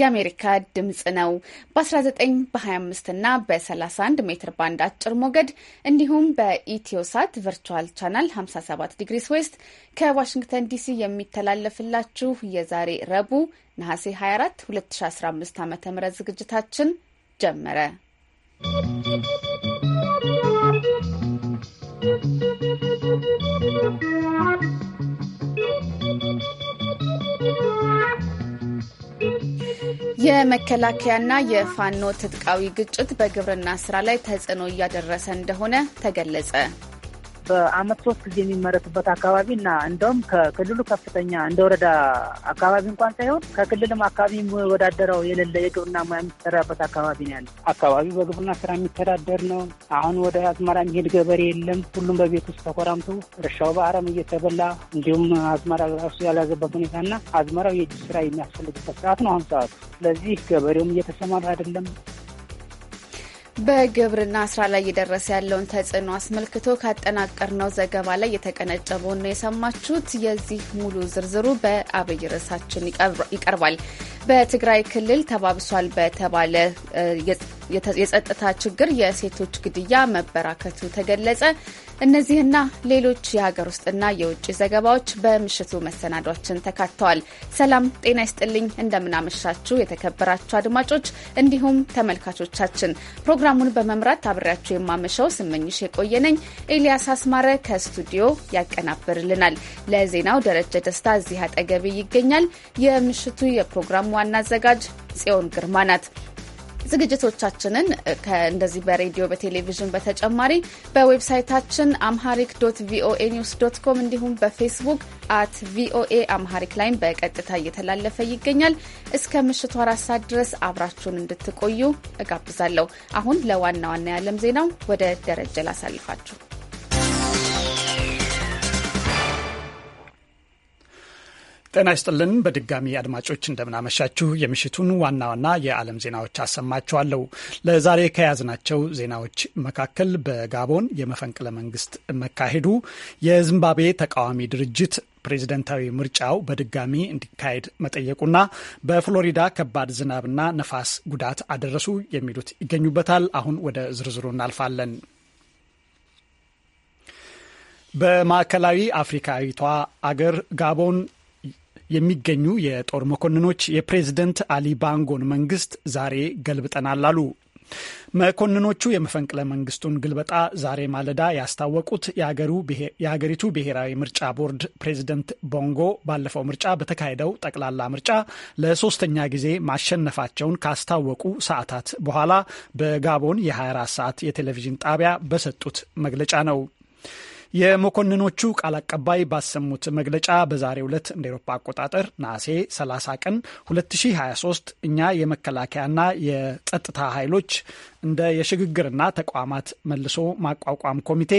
የአሜሪካ ድምፅ ነው። በ19 በ25 እና በ31 ሜትር ባንድ አጭር ሞገድ እንዲሁም በኢትዮሳት ቨርቹዋል ቻናል 57 ዲግሪስ ዌስት ከዋሽንግተን ዲሲ የሚተላለፍላችሁ የዛሬ ረቡዕ ነሐሴ 24 2015 ዓ ም ዝግጅታችን ጀመረ። ¶¶ የመከላከያና የፋኖ ትጥቃዊ ግጭት በግብርና ስራ ላይ ተጽዕኖ እያደረሰ እንደሆነ ተገለጸ። በአመት ሶስት ጊዜ የሚመረትበት አካባቢ እና እንደውም ከክልሉ ከፍተኛ እንደ ወረዳ አካባቢ እንኳን ሳይሆን ከክልልም አካባቢ የሚወዳደረው የሌለ የግብርና ሙያ የሚሰራበት አካባቢ ነው ያለ። አካባቢው በግብርና ስራ የሚተዳደር ነው። አሁን ወደ አዝመራ የሚሄድ ገበሬ የለም። ሁሉም በቤት ውስጥ ተኮራምቶ እርሻው በአረም እየተበላ እንዲሁም አዝመራ ራሱ ያልያዘበት ሁኔታና አዝመራው የእጅ ስራ የሚያስፈልግበት ሰዓት ነው አሁን ሰዓቱ። ስለዚህ ገበሬውም እየተሰማራ አይደለም። በግብርና ስራ ላይ እየደረሰ ያለውን ተጽዕኖ አስመልክቶ ካጠናቀርነው ዘገባ ላይ የተቀነጨበውን ነው የሰማችሁት። የዚህ ሙሉ ዝርዝሩ በአብይ ርዕሳችን ይቀርባል። በትግራይ ክልል ተባብሷል በተባለ የጸጥታ ችግር የሴቶች ግድያ መበራከቱ ተገለጸ። እነዚህና ሌሎች የሀገር ውስጥና የውጭ ዘገባዎች በምሽቱ መሰናዷችን ተካተዋል። ሰላም ጤና ይስጥልኝ። እንደምናመሻችሁ የተከበራችሁ አድማጮች እንዲሁም ተመልካቾቻችን። ፕሮግራሙን በመምራት አብሬያችሁ የማመሻው ስመኝሽ የቆየነኝ። ኤልያስ አስማረ ከስቱዲዮ ያቀናብርልናል። ለዜናው ደረጀ ደስታ እዚህ አጠገቤ ይገኛል። የምሽቱ የፕሮግራሙ ዋና አዘጋጅ ጽዮን ግርማ ናት። ዝግጅቶቻችንን እንደዚህ በሬዲዮ በቴሌቪዥን በተጨማሪ በዌብሳይታችን አምሃሪክ ዶት ቪኦኤ ኒውስ ዶት ኮም እንዲሁም በፌስቡክ አት ቪኦኤ አምሃሪክ ላይም በቀጥታ እየተላለፈ ይገኛል። እስከ ምሽቱ አራት ሰዓት ድረስ አብራችሁን እንድትቆዩ እጋብዛለሁ። አሁን ለዋና ዋና የዓለም ዜናው ወደ ደረጀ ላሳልፋችሁ። ጤና ይስጥልን በድጋሚ አድማጮች እንደምናመሻችሁ። የምሽቱን ዋና ዋና የዓለም ዜናዎች አሰማችኋለሁ። ለዛሬ ከያዝናቸው ዜናዎች መካከል በጋቦን የመፈንቅለ መንግስት መካሄዱ፣ የዚምባብዌ ተቃዋሚ ድርጅት ፕሬዚደንታዊ ምርጫው በድጋሚ እንዲካሄድ መጠየቁና በፍሎሪዳ ከባድ ዝናብና ነፋስ ጉዳት አደረሱ የሚሉት ይገኙበታል። አሁን ወደ ዝርዝሩ እናልፋለን። በማዕከላዊ አፍሪካዊቷ አገር ጋቦን የሚገኙ የጦር መኮንኖች የፕሬዝደንት አሊ ባንጎን መንግስት ዛሬ ገልብጠናል አሉ። መኮንኖቹ የመፈንቅለ መንግስቱን ግልበጣ ዛሬ ማለዳ ያስታወቁት የሀገሪቱ ብሔራዊ ምርጫ ቦርድ ፕሬዚደንት ቦንጎ ባለፈው ምርጫ በተካሄደው ጠቅላላ ምርጫ ለሶስተኛ ጊዜ ማሸነፋቸውን ካስታወቁ ሰዓታት በኋላ በጋቦን የ24 ሰዓት የቴሌቪዥን ጣቢያ በሰጡት መግለጫ ነው። የመኮንኖቹ ቃል አቀባይ ባሰሙት መግለጫ በዛሬው ዕለት እንደ ኤሮፓ አቆጣጠር ነሐሴ 30 ቀን 2023 እኛ የመከላከያና የጸጥታ ኃይሎች እንደ የሽግግርና ተቋማት መልሶ ማቋቋም ኮሚቴ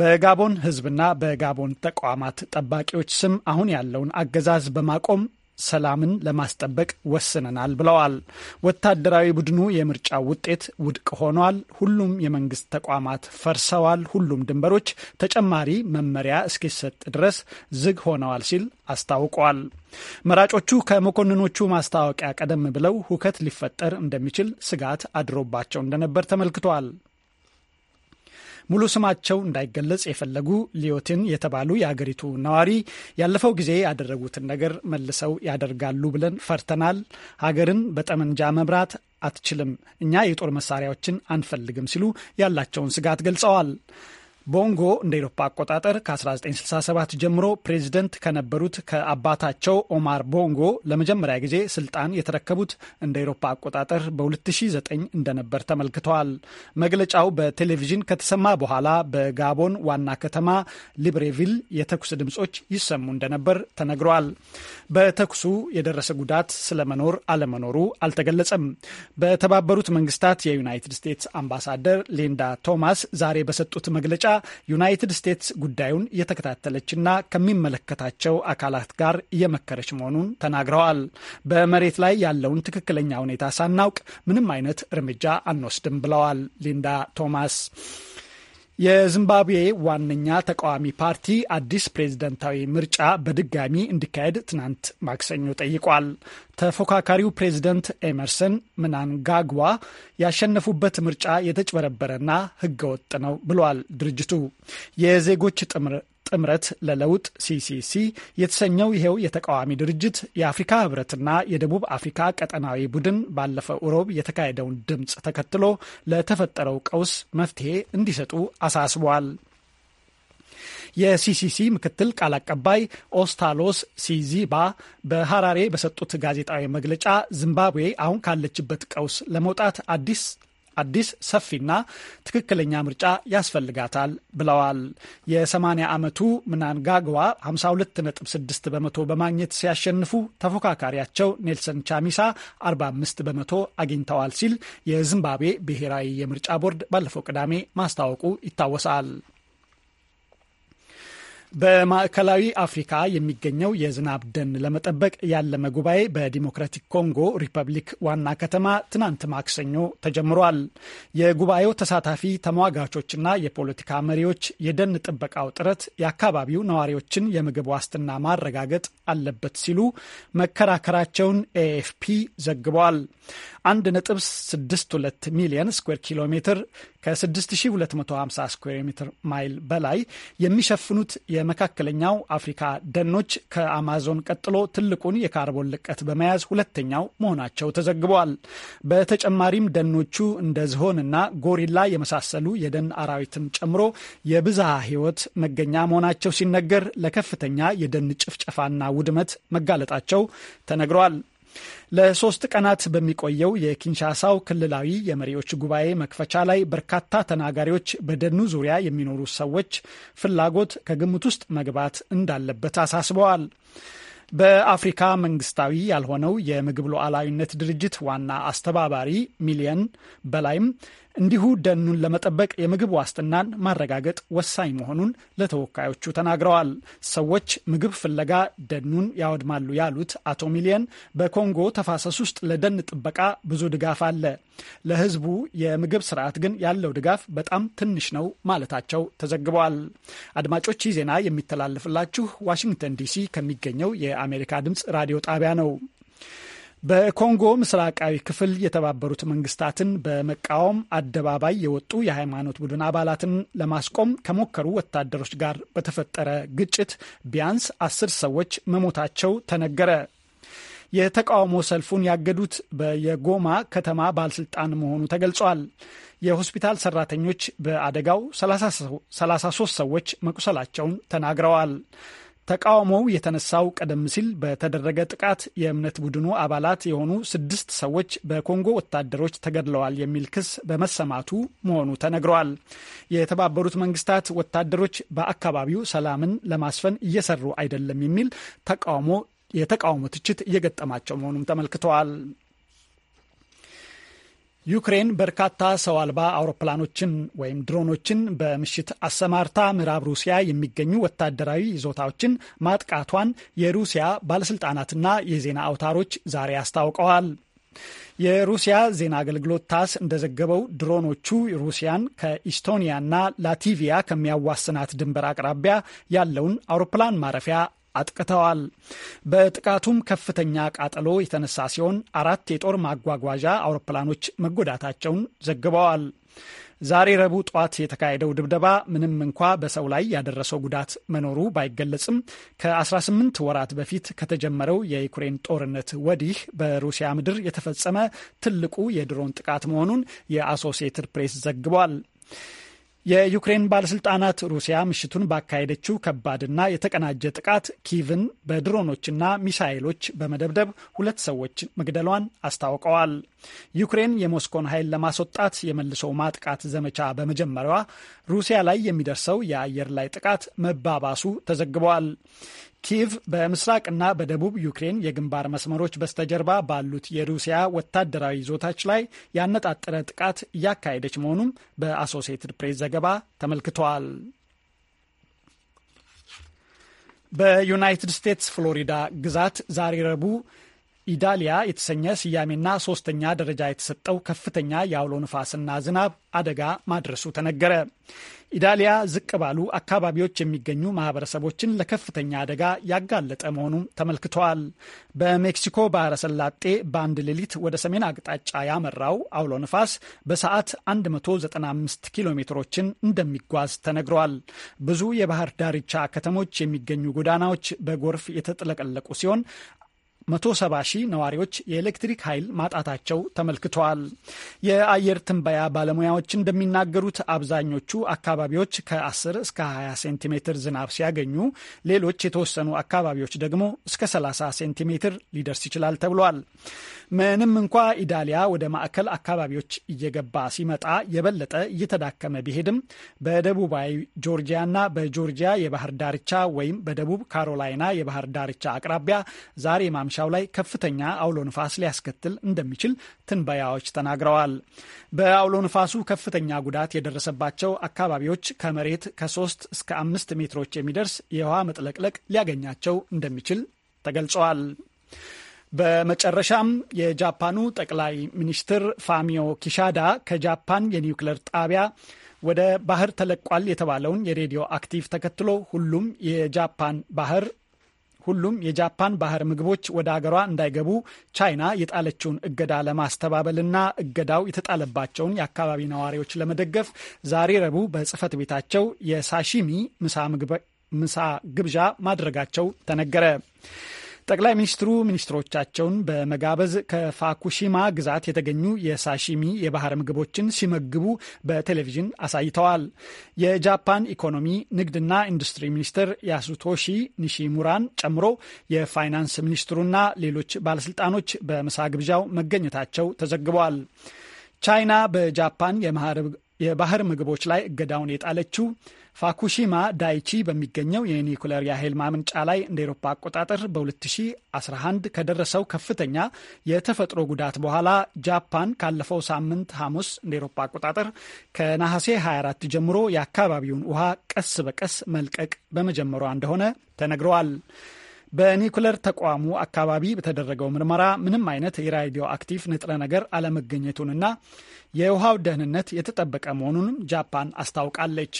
በጋቦን ሕዝብና በጋቦን ተቋማት ጠባቂዎች ስም አሁን ያለውን አገዛዝ በማቆም ሰላምን ለማስጠበቅ ወስነናል ብለዋል። ወታደራዊ ቡድኑ የምርጫ ውጤት ውድቅ ሆኗል፣ ሁሉም የመንግስት ተቋማት ፈርሰዋል፣ ሁሉም ድንበሮች ተጨማሪ መመሪያ እስኪሰጥ ድረስ ዝግ ሆነዋል ሲል አስታውቋል። መራጮቹ ከመኮንኖቹ ማስታወቂያ ቀደም ብለው ሁከት ሊፈጠር እንደሚችል ስጋት አድሮባቸው እንደነበር ተመልክቷል። ሙሉ ስማቸው እንዳይገለጽ የፈለጉ ሊዮትን የተባሉ የአገሪቱ ነዋሪ ያለፈው ጊዜ ያደረጉትን ነገር መልሰው ያደርጋሉ ብለን ፈርተናል። ሀገርን በጠመንጃ መምራት አትችልም። እኛ የጦር መሳሪያዎችን አንፈልግም ሲሉ ያላቸውን ስጋት ገልጸዋል። ቦንጎ እንደ ኤሮፓ አቆጣጠር ከ1967 ጀምሮ ፕሬዚደንት ከነበሩት ከአባታቸው ኦማር ቦንጎ ለመጀመሪያ ጊዜ ስልጣን የተረከቡት እንደ ኤሮፓ አቆጣጠር በ2009 እንደነበር ተመልክተዋል። መግለጫው በቴሌቪዥን ከተሰማ በኋላ በጋቦን ዋና ከተማ ሊብሬቪል የተኩስ ድምጾች ይሰሙ እንደነበር ተነግሯል። በተኩሱ የደረሰ ጉዳት ስለመኖር አለመኖሩ አልተገለጸም። በተባበሩት መንግስታት የዩናይትድ ስቴትስ አምባሳደር ሊንዳ ቶማስ ዛሬ በሰጡት መግለጫ ዩናይትድ ስቴትስ ጉዳዩን እየተከታተለችና ከሚመለከታቸው አካላት ጋር እየመከረች መሆኑን ተናግረዋል። በመሬት ላይ ያለውን ትክክለኛ ሁኔታ ሳናውቅ ምንም አይነት እርምጃ አንወስድም ብለዋል ሊንዳ ቶማስ። የዚምባብዌ ዋነኛ ተቃዋሚ ፓርቲ አዲስ ፕሬዝደንታዊ ምርጫ በድጋሚ እንዲካሄድ ትናንት ማክሰኞ ጠይቋል። ተፎካካሪው ፕሬዝደንት ኤመርሰን ምናንጋግዋ ያሸነፉበት ምርጫ የተጭበረበረና ሕገወጥ ነው ብሏል ድርጅቱ። የዜጎች ጥምር ጥምረት ለለውጥ ሲሲሲ የተሰኘው ይሄው የተቃዋሚ ድርጅት የአፍሪካ ህብረትና የደቡብ አፍሪካ ቀጠናዊ ቡድን ባለፈው እሮብ የተካሄደውን ድምፅ ተከትሎ ለተፈጠረው ቀውስ መፍትሄ እንዲሰጡ አሳስቧል። የሲሲሲ ምክትል ቃል አቀባይ ኦስታሎስ ሲዚባ በሐራሬ በሰጡት ጋዜጣዊ መግለጫ ዚምባብዌ አሁን ካለችበት ቀውስ ለመውጣት አዲስ አዲስ ሰፊና ትክክለኛ ምርጫ ያስፈልጋታል ብለዋል። የ80 ዓመቱ ምናንጋግዋ 52.6 በመቶ በማግኘት ሲያሸንፉ ተፎካካሪያቸው ኔልሰን ቻሚሳ 45 በመቶ አግኝተዋል ሲል የዚምባብዌ ብሔራዊ የምርጫ ቦርድ ባለፈው ቅዳሜ ማስታወቁ ይታወሳል። በማዕከላዊ አፍሪካ የሚገኘው የዝናብ ደን ለመጠበቅ ያለመ ጉባኤ በዲሞክራቲክ ኮንጎ ሪፐብሊክ ዋና ከተማ ትናንት ማክሰኞ ተጀምሯል። የጉባኤው ተሳታፊ ተሟጋቾችና የፖለቲካ መሪዎች የደን ጥበቃው ጥረት የአካባቢው ነዋሪዎችን የምግብ ዋስትና ማረጋገጥ አለበት ሲሉ መከራከራቸውን ኤኤፍፒ ዘግቧል። 1.62 ሚሊዮን ስኩዌር ኪሎ ሜትር ከ6250 ስኩዌር ሜትር ማይል በላይ የሚሸፍኑት የመካከለኛው አፍሪካ ደኖች ከአማዞን ቀጥሎ ትልቁን የካርቦን ልቀት በመያዝ ሁለተኛው መሆናቸው ተዘግበዋል። በተጨማሪም ደኖቹ እንደ ዝሆንና ጎሪላ የመሳሰሉ የደን አራዊትን ጨምሮ የብዝሃ ሕይወት መገኛ መሆናቸው ሲነገር ለከፍተኛ የደን ጭፍጨፋና ውድመት መጋለጣቸው ተነግረዋል። ለሶስት ቀናት በሚቆየው የኪንሻሳው ክልላዊ የመሪዎች ጉባኤ መክፈቻ ላይ በርካታ ተናጋሪዎች በደኑ ዙሪያ የሚኖሩ ሰዎች ፍላጎት ከግምት ውስጥ መግባት እንዳለበት አሳስበዋል። በአፍሪካ መንግስታዊ ያልሆነው የምግብ ሉዓላዊነት ድርጅት ዋና አስተባባሪ ሚሊየን በላይም እንዲሁ ደኑን ለመጠበቅ የምግብ ዋስትናን ማረጋገጥ ወሳኝ መሆኑን ለተወካዮቹ ተናግረዋል። ሰዎች ምግብ ፍለጋ ደኑን ያወድማሉ ያሉት አቶ ሚሊየን በኮንጎ ተፋሰስ ውስጥ ለደን ጥበቃ ብዙ ድጋፍ አለ፣ ለህዝቡ የምግብ ስርዓት ግን ያለው ድጋፍ በጣም ትንሽ ነው ማለታቸው ተዘግበዋል። አድማጮች ይህ ዜና የሚተላለፍላችሁ ዋሽንግተን ዲሲ ከሚገኘው የአሜሪካ ድምፅ ራዲዮ ጣቢያ ነው። በኮንጎ ምስራቃዊ ክፍል የተባበሩት መንግስታትን በመቃወም አደባባይ የወጡ የሃይማኖት ቡድን አባላትን ለማስቆም ከሞከሩ ወታደሮች ጋር በተፈጠረ ግጭት ቢያንስ አስር ሰዎች መሞታቸው ተነገረ። የተቃውሞ ሰልፉን ያገዱት የጎማ ከተማ ባለስልጣን መሆኑ ተገልጿል። የሆስፒታል ሰራተኞች በአደጋው 33 ሰዎች መቁሰላቸውን ተናግረዋል። ተቃውሞው የተነሳው ቀደም ሲል በተደረገ ጥቃት የእምነት ቡድኑ አባላት የሆኑ ስድስት ሰዎች በኮንጎ ወታደሮች ተገድለዋል የሚል ክስ በመሰማቱ መሆኑ ተነግረዋል። የተባበሩት መንግስታት ወታደሮች በአካባቢው ሰላምን ለማስፈን እየሰሩ አይደለም የሚል ተቃውሞ የተቃውሞ ትችት እየገጠማቸው መሆኑም ተመልክተዋል። ዩክሬን በርካታ ሰው አልባ አውሮፕላኖችን ወይም ድሮኖችን በምሽት አሰማርታ ምዕራብ ሩሲያ የሚገኙ ወታደራዊ ይዞታዎችን ማጥቃቷን የሩሲያ ባለስልጣናትና የዜና አውታሮች ዛሬ አስታውቀዋል። የሩሲያ ዜና አገልግሎት ታስ እንደዘገበው ድሮኖቹ ሩሲያን ከኢስቶኒያና ላቲቪያ ከሚያዋስናት ድንበር አቅራቢያ ያለውን አውሮፕላን ማረፊያ አጥቅተዋል። በጥቃቱም ከፍተኛ ቃጠሎ የተነሳ ሲሆን አራት የጦር ማጓጓዣ አውሮፕላኖች መጎዳታቸውን ዘግበዋል። ዛሬ ረቡዕ ጠዋት የተካሄደው ድብደባ ምንም እንኳ በሰው ላይ ያደረሰው ጉዳት መኖሩ ባይገለጽም ከ18 ወራት በፊት ከተጀመረው የዩክሬን ጦርነት ወዲህ በሩሲያ ምድር የተፈጸመ ትልቁ የድሮን ጥቃት መሆኑን የአሶሲየትድ ፕሬስ ዘግቧል። የዩክሬን ባለስልጣናት ሩሲያ ምሽቱን ባካሄደችው ከባድና የተቀናጀ ጥቃት ኪቭን በድሮኖችና ሚሳይሎች በመደብደብ ሁለት ሰዎች መግደሏን አስታውቀዋል። ዩክሬን የሞስኮን ኃይል ለማስወጣት የመልሶ ማጥቃት ዘመቻ በመጀመሪያዋ ሩሲያ ላይ የሚደርሰው የአየር ላይ ጥቃት መባባሱ ተዘግበዋል። ኪቭ በምስራቅና በደቡብ ዩክሬን የግንባር መስመሮች በስተጀርባ ባሉት የሩሲያ ወታደራዊ ይዞታች ላይ ያነጣጠረ ጥቃት እያካሄደች መሆኑም በአሶሴትድ ፕሬስ ዘገባ ተመልክተዋል። በዩናይትድ ስቴትስ ፍሎሪዳ ግዛት ዛሬ ረቡዕ ኢዳሊያ የተሰኘ ስያሜና ሶስተኛ ደረጃ የተሰጠው ከፍተኛ የአውሎ ንፋስና ዝናብ አደጋ ማድረሱ ተነገረ። ኢዳሊያ ዝቅ ባሉ አካባቢዎች የሚገኙ ማህበረሰቦችን ለከፍተኛ አደጋ ያጋለጠ መሆኑም ተመልክተዋል። በሜክሲኮ ባህረ ሰላጤ በአንድ ሌሊት ወደ ሰሜን አቅጣጫ ያመራው አውሎ ንፋስ በሰዓት 195 ኪሎ ሜትሮችን እንደሚጓዝ ተነግሯል። ብዙ የባህር ዳርቻ ከተሞች የሚገኙ ጎዳናዎች በጎርፍ የተጥለቀለቁ ሲሆን 170 ሺህ ነዋሪዎች የኤሌክትሪክ ኃይል ማጣታቸው ተመልክተዋል። የአየር ትንበያ ባለሙያዎች እንደሚናገሩት አብዛኞቹ አካባቢዎች ከ10 እስከ 20 ሴንቲሜትር ዝናብ ሲያገኙ፣ ሌሎች የተወሰኑ አካባቢዎች ደግሞ እስከ 30 ሴንቲሜትር ሊደርስ ይችላል ተብሏል። ምንም እንኳ ኢዳሊያ ወደ ማዕከል አካባቢዎች እየገባ ሲመጣ የበለጠ እየተዳከመ ቢሄድም በደቡባዊ ጆርጂያና በጆርጂያ የባህር ዳርቻ ወይም በደቡብ ካሮላይና የባህር ዳርቻ አቅራቢያ ዛሬ ማምሻው ላይ ከፍተኛ አውሎ ንፋስ ሊያስከትል እንደሚችል ትንበያዎች ተናግረዋል። በአውሎ ንፋሱ ከፍተኛ ጉዳት የደረሰባቸው አካባቢዎች ከመሬት ከሶስት እስከ አምስት ሜትሮች የሚደርስ የውሃ መጥለቅለቅ ሊያገኛቸው እንደሚችል ተገልጸዋል። በመጨረሻም የጃፓኑ ጠቅላይ ሚኒስትር ፋሚዮ ኪሻዳ ከጃፓን የኒውክለር ጣቢያ ወደ ባህር ተለቋል የተባለውን የሬዲዮ አክቲቭ ተከትሎ ሁሉም የጃፓን ባህር ሁሉም የጃፓን ባህር ምግቦች ወደ አገሯ እንዳይገቡ ቻይና የጣለችውን እገዳ ለማስተባበልና እገዳው የተጣለባቸውን የአካባቢ ነዋሪዎች ለመደገፍ ዛሬ ረቡዕ በጽህፈት ቤታቸው የሳሺሚ ምሳ ግብዣ ማድረጋቸው ተነገረ። ጠቅላይ ሚኒስትሩ ሚኒስትሮቻቸውን በመጋበዝ ከፋኩሺማ ግዛት የተገኙ የሳሺሚ የባህር ምግቦችን ሲመግቡ በቴሌቪዥን አሳይተዋል። የጃፓን ኢኮኖሚ ንግድና ኢንዱስትሪ ሚኒስትር ያሱቶሺ ኒሺሙራን ጨምሮ የፋይናንስ ሚኒስትሩና ሌሎች ባለስልጣኖች በምሳ ግብዣው መገኘታቸው ተዘግበዋል። ቻይና በጃፓን የባህር ምግቦች ላይ እገዳውን የጣለችው ፋኩሺማ ዳይቺ በሚገኘው የኒኩለር የኃይል ማምንጫ ላይ እንደ ኤሮፓ አቆጣጠር በ2011 ከደረሰው ከፍተኛ የተፈጥሮ ጉዳት በኋላ ጃፓን ካለፈው ሳምንት ሐሙስ እንደ ኤሮፓ አቆጣጠር ከነሐሴ 24 ጀምሮ የአካባቢውን ውሃ ቀስ በቀስ መልቀቅ በመጀመሯ እንደሆነ ተነግረዋል። በኒኩለር ተቋሙ አካባቢ በተደረገው ምርመራ ምንም አይነት የራዲዮ አክቲቭ ንጥረ ነገር አለመገኘቱንና የውሃው ደህንነት የተጠበቀ መሆኑንም ጃፓን አስታውቃለች።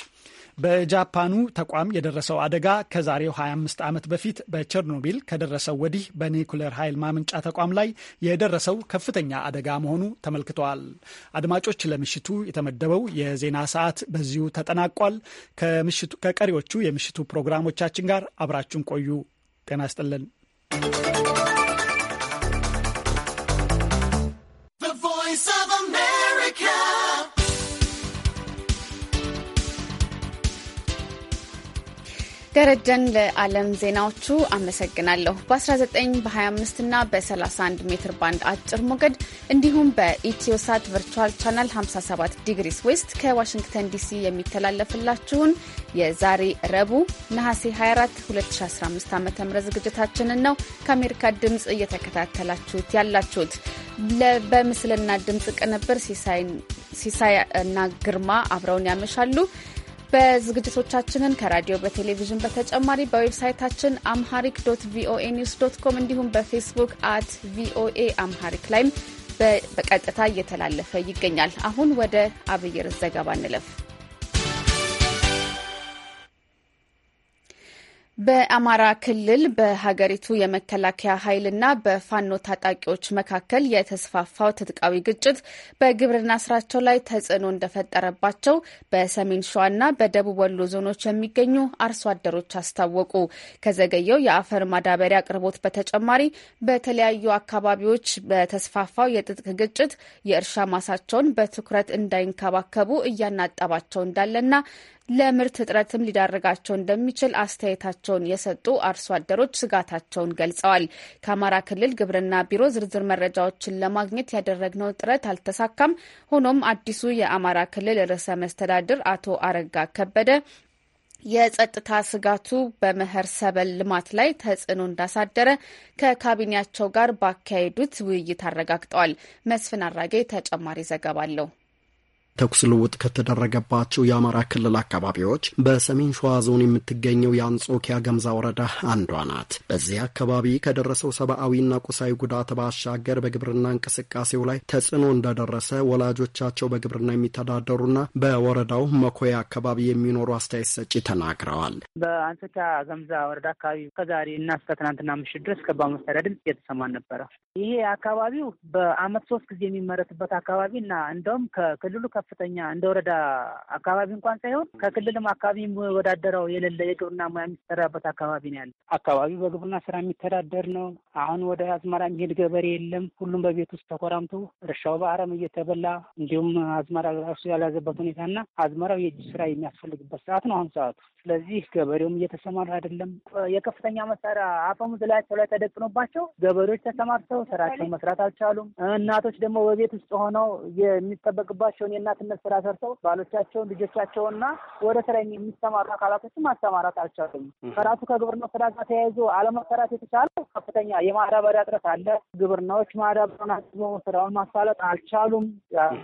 በጃፓኑ ተቋም የደረሰው አደጋ ከዛሬው 25 ዓመት በፊት በቸርኖቢል ከደረሰው ወዲህ በኒኩሌር ኃይል ማመንጫ ተቋም ላይ የደረሰው ከፍተኛ አደጋ መሆኑ ተመልክተዋል። አድማጮች፣ ለምሽቱ የተመደበው የዜና ሰዓት በዚሁ ተጠናቋል። ከቀሪዎቹ የምሽቱ ፕሮግራሞቻችን ጋር አብራችሁን ቆዩ። ጤና ይስጥልን። ደረጀን ለዓለም ዜናዎቹ አመሰግናለሁ። በ19 በ25 እና በ31 ሜትር ባንድ አጭር ሞገድ እንዲሁም በኢትዮሳት ቨርቹዋል ቻናል 57 ዲግሪስ ዌስት ከዋሽንግተን ዲሲ የሚተላለፍላችሁን የዛሬ ረቡዕ ነሐሴ 24 2015 ዓ ም ዝግጅታችንን ነው ከአሜሪካ ድምፅ እየተከታተላችሁት ያላችሁት። በምስልና ድምፅ ቅንብር ሲሳይና ግርማ አብረውን ያመሻሉ። በዝግጅቶቻችንን ከራዲዮ በቴሌቪዥን በተጨማሪ በዌብሳይታችን አምሃሪክ ዶት ቪኦኤ ኒውስ ዶት ኮም እንዲሁም በፌስቡክ አት ቪኦኤ አምሃሪክ ላይም በቀጥታ እየተላለፈ ይገኛል። አሁን ወደ አብይር ዘገባ እንለፍ። በአማራ ክልል በሀገሪቱ የመከላከያ ኃይልና በፋኖ ታጣቂዎች መካከል የተስፋፋው ትጥቃዊ ግጭት በግብርና ስራቸው ላይ ተጽዕኖ እንደፈጠረባቸው በሰሜን ሸዋና በደቡብ ወሎ ዞኖች የሚገኙ አርሶ አደሮች አስታወቁ። ከዘገየው የአፈር ማዳበሪያ አቅርቦት በተጨማሪ በተለያዩ አካባቢዎች በተስፋፋው የትጥቅ ግጭት የእርሻ ማሳቸውን በትኩረት እንዳይንከባከቡ እያናጠባቸው እንዳለና ለምርት እጥረትም ሊዳርጋቸው እንደሚችል አስተያየታቸውን የሰጡ አርሶ አደሮች ስጋታቸውን ገልጸዋል። ከአማራ ክልል ግብርና ቢሮ ዝርዝር መረጃዎችን ለማግኘት ያደረግነው ጥረት አልተሳካም። ሆኖም አዲሱ የአማራ ክልል ርዕሰ መስተዳድር አቶ አረጋ ከበደ የጸጥታ ስጋቱ በመኸር ሰብል ልማት ላይ ተጽዕኖ እንዳሳደረ ከካቢኔያቸው ጋር ባካሄዱት ውይይት አረጋግጠዋል። መስፍን አራጌ ተጨማሪ ዘገባ አለው። ተኩስ ልውጥ ከተደረገባቸው የአማራ ክልል አካባቢዎች በሰሜን ሸዋ ዞን የምትገኘው የአንጾኪያ ገምዛ ወረዳ አንዷ ናት። በዚህ አካባቢ ከደረሰው ሰብአዊና ቁሳዊ ጉዳት ባሻገር በግብርና እንቅስቃሴው ላይ ተጽዕኖ እንደደረሰ ወላጆቻቸው በግብርና የሚተዳደሩና በወረዳው መኮያ አካባቢ የሚኖሩ አስተያየት ሰጪ ተናግረዋል። በአንጾኪያ ገምዛ ወረዳ አካባቢ ከዛሬ እና እስከ ትናንትና ምሽት ድረስ ከባድ መሳሪያ ድምፅ እየተሰማን ነበረ። ይሄ አካባቢው በአመት ሶስት ጊዜ የሚመረትበት አካባቢ እና እንደውም ከክልሉ ከፍተኛ እንደ ወረዳ አካባቢ እንኳን ሳይሆን ከክልልም አካባቢ የሚወዳደረው የሌለ የግብርና ሙያ የሚሰራበት አካባቢ ነው ያለ። አካባቢው በግብርና ስራ የሚተዳደር ነው። አሁን ወደ አዝመራ የሚሄድ ገበሬ የለም። ሁሉም በቤት ውስጥ ተኮራምቶ እርሻው በአረም እየተበላ እንዲሁም አዝመራ ራሱ ያልያዘበት ሁኔታና አዝመራው የእጅ ስራ የሚያስፈልግበት ሰዓት ነው አሁን ሰዓቱ። ስለዚህ ገበሬውም እየተሰማራ አይደለም። የከፍተኛ መሳሪያ አፈሙዝ ላያቸው ላይ ተደቅኖባቸው ገበሬዎች ተሰማርተው ስራቸውን መስራት አልቻሉም። እናቶች ደግሞ በቤት ውስጥ ሆነው የሚጠበቅባቸውን የእናትነት ስራ ሰርተው ባሎቻቸውን ልጆቻቸውና ወደ ስራ የሚሰማሩ አካላቶችን ማሰማራት አልቻሉም። ከራሱ ከግብርናው ስራ ጋር ተያይዞ አለመሰራት የተቻለው ከፍተኛ የማዳበሪያ እጥረት አለ። ግብርናዎች ማዳበሪያውን አቅርቦ ስራውን ማሳለጥ አልቻሉም።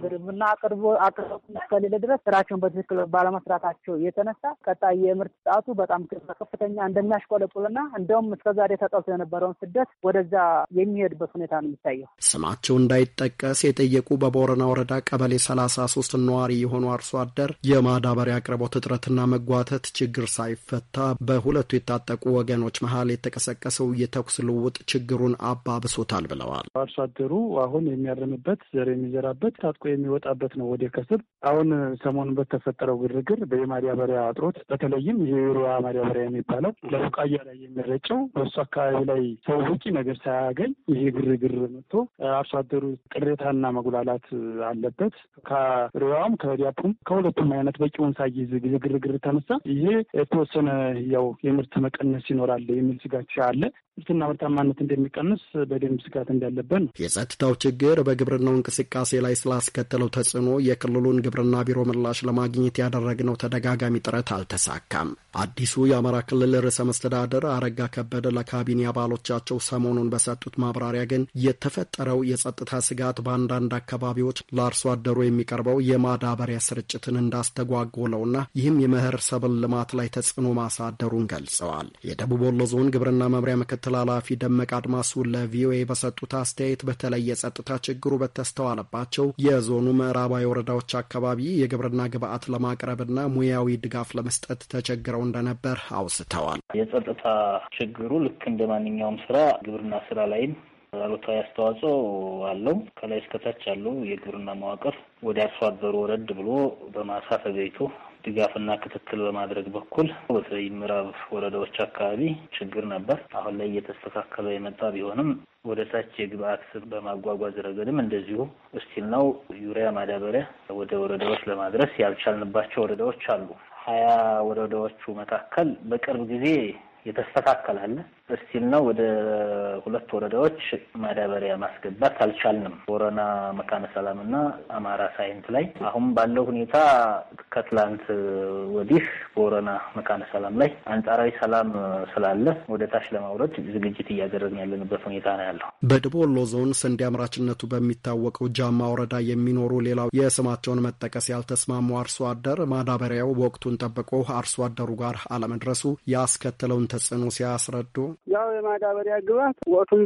ግብርና አቅርቦ አቅርቦት እስከሌለ ድረስ ስራቸውን በትክክል ባለመስራታቸው የተነሳ ቀጣይ የምርት ጣቱ በጣም ከፍተኛ እንደሚያሽቆለቁልና እንደውም እስከዛሬ ተጠልቶ የነበረውን ስደት ወደዛ የሚሄድበት ሁኔታ ነው የሚታየው። ስማቸው እንዳይጠቀስ የጠየቁ በቦረና ወረዳ ቀበሌ ሰላሳ ሶስት ነዋሪ የሆኑ አርሶ አደር የማዳበሪያ አቅርቦት እጥረትና መጓተት ችግር ሳይፈታ በሁለቱ የታጠቁ ወገኖች መሀል የተቀሰቀሰው የተኩስ ልውውጥ ችግሩን አባብሶታል ብለዋል። አርሶ አደሩ አሁን የሚያርምበት ዘር የሚዘራበት ታጥቆ የሚወጣበት ነው ወደ ከስብ። አሁን ሰሞኑን በተፈጠረው ግርግር በማዳበሪያ አጥሮት በተለይም የዩሪያ ማዳበሪያ የሚባለው ለቡቃያ ላይ የሚረጨው በሱ አካባቢ ላይ ሰው ውጪ ነገር ሳያገኝ ይሄ ግርግር መጥቶ አርሶ አደሩ ቅሬታና መጉላላት አለበት። ሩያም ከዲያፑም ከሁለቱም አይነት በቂውን ሳይዝ ግርግር ተነሳ ይሄ የተወሰነ ያው የምርት መቀነስ ይኖራል የሚል ስጋት አለ። ምርትና ምርታማነት እንደሚቀንስ በደንብ ስጋት እንዳለብን ነው። የጸጥታው ችግር በግብርናው እንቅስቃሴ ላይ ስላስከተለው ተጽዕኖ የክልሉን ግብርና ቢሮ ምላሽ ለማግኘት ያደረግነው ተደጋጋሚ ጥረት አልተሳካም። አዲሱ የአማራ ክልል ርዕሰ መስተዳደር አረጋ ከበደ ለካቢኔ አባሎቻቸው ሰሞኑን በሰጡት ማብራሪያ ግን የተፈጠረው የጸጥታ ስጋት በአንዳንድ አካባቢዎች ለአርሶ አደሩ የሚቀርበው የማዳበሪያ ስርጭትን እንዳስተጓጎለውና ይህም የመኸር ሰብል ልማት ላይ ተጽዕኖ ማሳደሩን ገልጸዋል። የደቡብ ወሎ ዞን ግብርና መምሪያ ምክትል ተላላፊ ደመቅ አድማሱ ለቪኦኤ በሰጡት አስተያየት በተለይ የጸጥታ ችግሩ በተስተዋለባቸው የዞኑ ምዕራባዊ ወረዳዎች አካባቢ የግብርና ግብአት ለማቅረብና ሙያዊ ድጋፍ ለመስጠት ተቸግረው እንደነበር አውስተዋል። የጸጥታ ችግሩ ልክ እንደ ማንኛውም ስራ ግብርና ስራ ላይም አሉታዊ አስተዋጽኦ አለው። ከላይ እስከታች ያለው የግብርና መዋቅር ወደ አርሶ አደሩ ወረድ ብሎ በማሳ ተገኝቶ ድጋፍና ክትትል በማድረግ በኩል በተለይ ምዕራብ ወረዳዎች አካባቢ ችግር ነበር። አሁን ላይ እየተስተካከለ የመጣ ቢሆንም ወደ ታች የግብአት በማጓጓዝ ረገድም እንደዚሁ እስቲል ነው ዩሪያ ማዳበሪያ ወደ ወረዳዎች ለማድረስ ያልቻልንባቸው ወረዳዎች አሉ። ሀያ ወረዳዎቹ መካከል በቅርብ ጊዜ የተስተካከላለ እስቲል ነው ወደ ሁለት ወረዳዎች ማዳበሪያ ማስገባት አልቻልንም። ቦረና መካነ ሰላምና አማራ ሳይንት ላይ አሁን ባለው ሁኔታ ከትላንት ወዲህ ቦረና መካነ ሰላም ላይ አንጻራዊ ሰላም ስላለ ወደ ታች ለማውረድ ዝግጅት እያደረግን ያለንበት ሁኔታ ነው ያለው። በደቡብ ወሎ ዞን ስንዴ አምራችነቱ በሚታወቀው ጃማ ወረዳ የሚኖሩ ሌላው የስማቸውን መጠቀስ ያልተስማሙ አርሶ አደር ማዳበሪያው ወቅቱን ጠብቆ አርሶ አደሩ ጋር አለመድረሱ ያስከተለውን ተጽዕኖ ሲያስረዱ ያው የማዳበሪያ ግባት ወቱን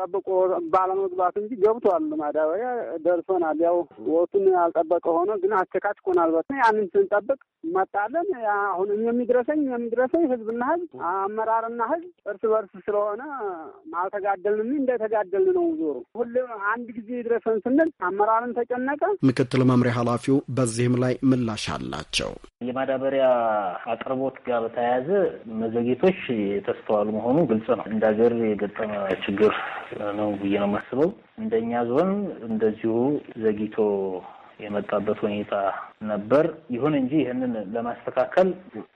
ጠብቆ ባለመግባት እንጂ ገብቷል። ማዳበሪያ ደርሶናል። ያው ወቱን ያልጠበቀ ሆኖ ግን አቸካች ሆናል። ያንን ስንጠብቅ መጣለን። አሁን የሚድረሰኝ የሚድረሰኝ ህዝብና ህዝብ አመራርና ህዝብ እርስ በርስ ስለሆነ አልተጋደልንም፣ እንደተጋደልን ነው። ዞሩ። ሁሌ አንድ ጊዜ ይድረሰን ስንል አመራርን ተጨነቀ። ምክትል መምሪያ ኃላፊው በዚህም ላይ ምላሽ አላቸው። የማዳበሪያ አቅርቦት ጋር በተያያዘ መዘግየቶች የተስተዋሉ መሆኑ ግልጽ ነው። እንደ ሀገር የገጠመ ችግር ነው ብዬ ነው የማስበው። እንደኛ ዞን እንደዚሁ ዘግይቶ የመጣበት ሁኔታ ነበር። ይሁን እንጂ ይህንን ለማስተካከል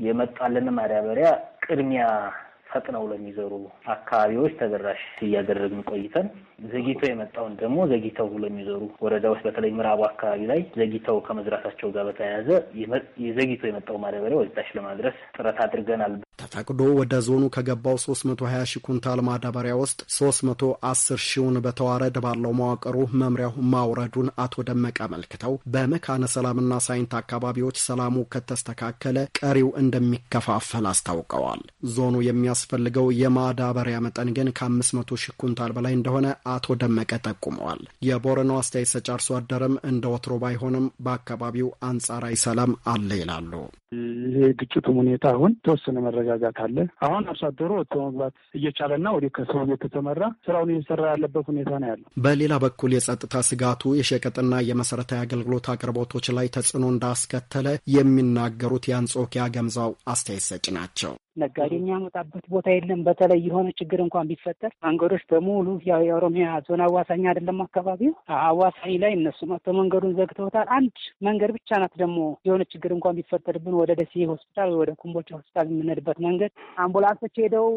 የመጣልን ማዳበሪያ ቅድሚያ ፈጥነው ለሚዘሩ አካባቢዎች ተደራሽ እያደረግን ቆይተን ዘጊቶ የመጣውን ደግሞ ዘግይተው ብሎ የሚዘሩ ወረዳዎች በተለይ ምዕራቡ አካባቢ ላይ ዘግይተው ከመዝራታቸው ጋር በተያያዘ ዘግይተው የመጣው ማዳበሪያ ወጣሽ ለማድረስ ጥረት አድርገናል። ተፈቅዶ ወደ ዞኑ ከገባው 320 ሺ ኩንታል ማዳበሪያ ውስጥ 310 ሺውን በተዋረድ ባለው መዋቅሩ መምሪያው ማውረዱን አቶ ደመቀ አመልክተው በመካነ ሰላምና ሳይንት አካባቢዎች ሰላሙ ከተስተካከለ ቀሪው እንደሚከፋፈል አስታውቀዋል። ዞኑ የሚያስፈልገው የማዳበሪያ መጠን ግን ከ500 ሺ ኩንታል በላይ እንደሆነ አቶ ደመቀ ጠቁመዋል። የቦረኖ አስተያየት ሰጭ አርሶ አደርም እንደ ወትሮ ባይሆንም በአካባቢው አንጻራዊ ሰላም አለ ይላሉ። ይሄ ግጭቱም ሁኔታ አሁን ተወሰነ መረጋጋት አለ። አሁን አርሶ አደሩ ወጥቶ መግባት እየቻለና ወደ ከሰው እየተተመራ ስራውን እየሰራ ያለበት ሁኔታ ነው ያለው። በሌላ በኩል የጸጥታ ስጋቱ የሸቀጥና የመሰረታዊ አገልግሎት አቅርቦቶች ላይ ተጽዕኖ እንዳስከተለ የሚናገሩት የአንጾኪያ ገምዛው አስተያየት ሰጭ ናቸው። ነጋዴ የሚያመጣበት ቦታ የለም። በተለይ የሆነ ችግር እንኳን ቢፈጠር መንገዶች በሙሉ ያው የኦሮሚያ ዞን አዋሳኝ አይደለም አካባቢው አዋሳኝ ላይ እነሱ መጥተው መንገዱን ዘግተውታል። አንድ መንገድ ብቻ ናት ደግሞ የሆነ ችግር እንኳን ቢፈጠርብን ወደ ደሴ ሆስፒታል ወደ ኮምቦልቻ ሆስፒታል የምንሄድበት መንገድ አምቡላንሶች ሄደው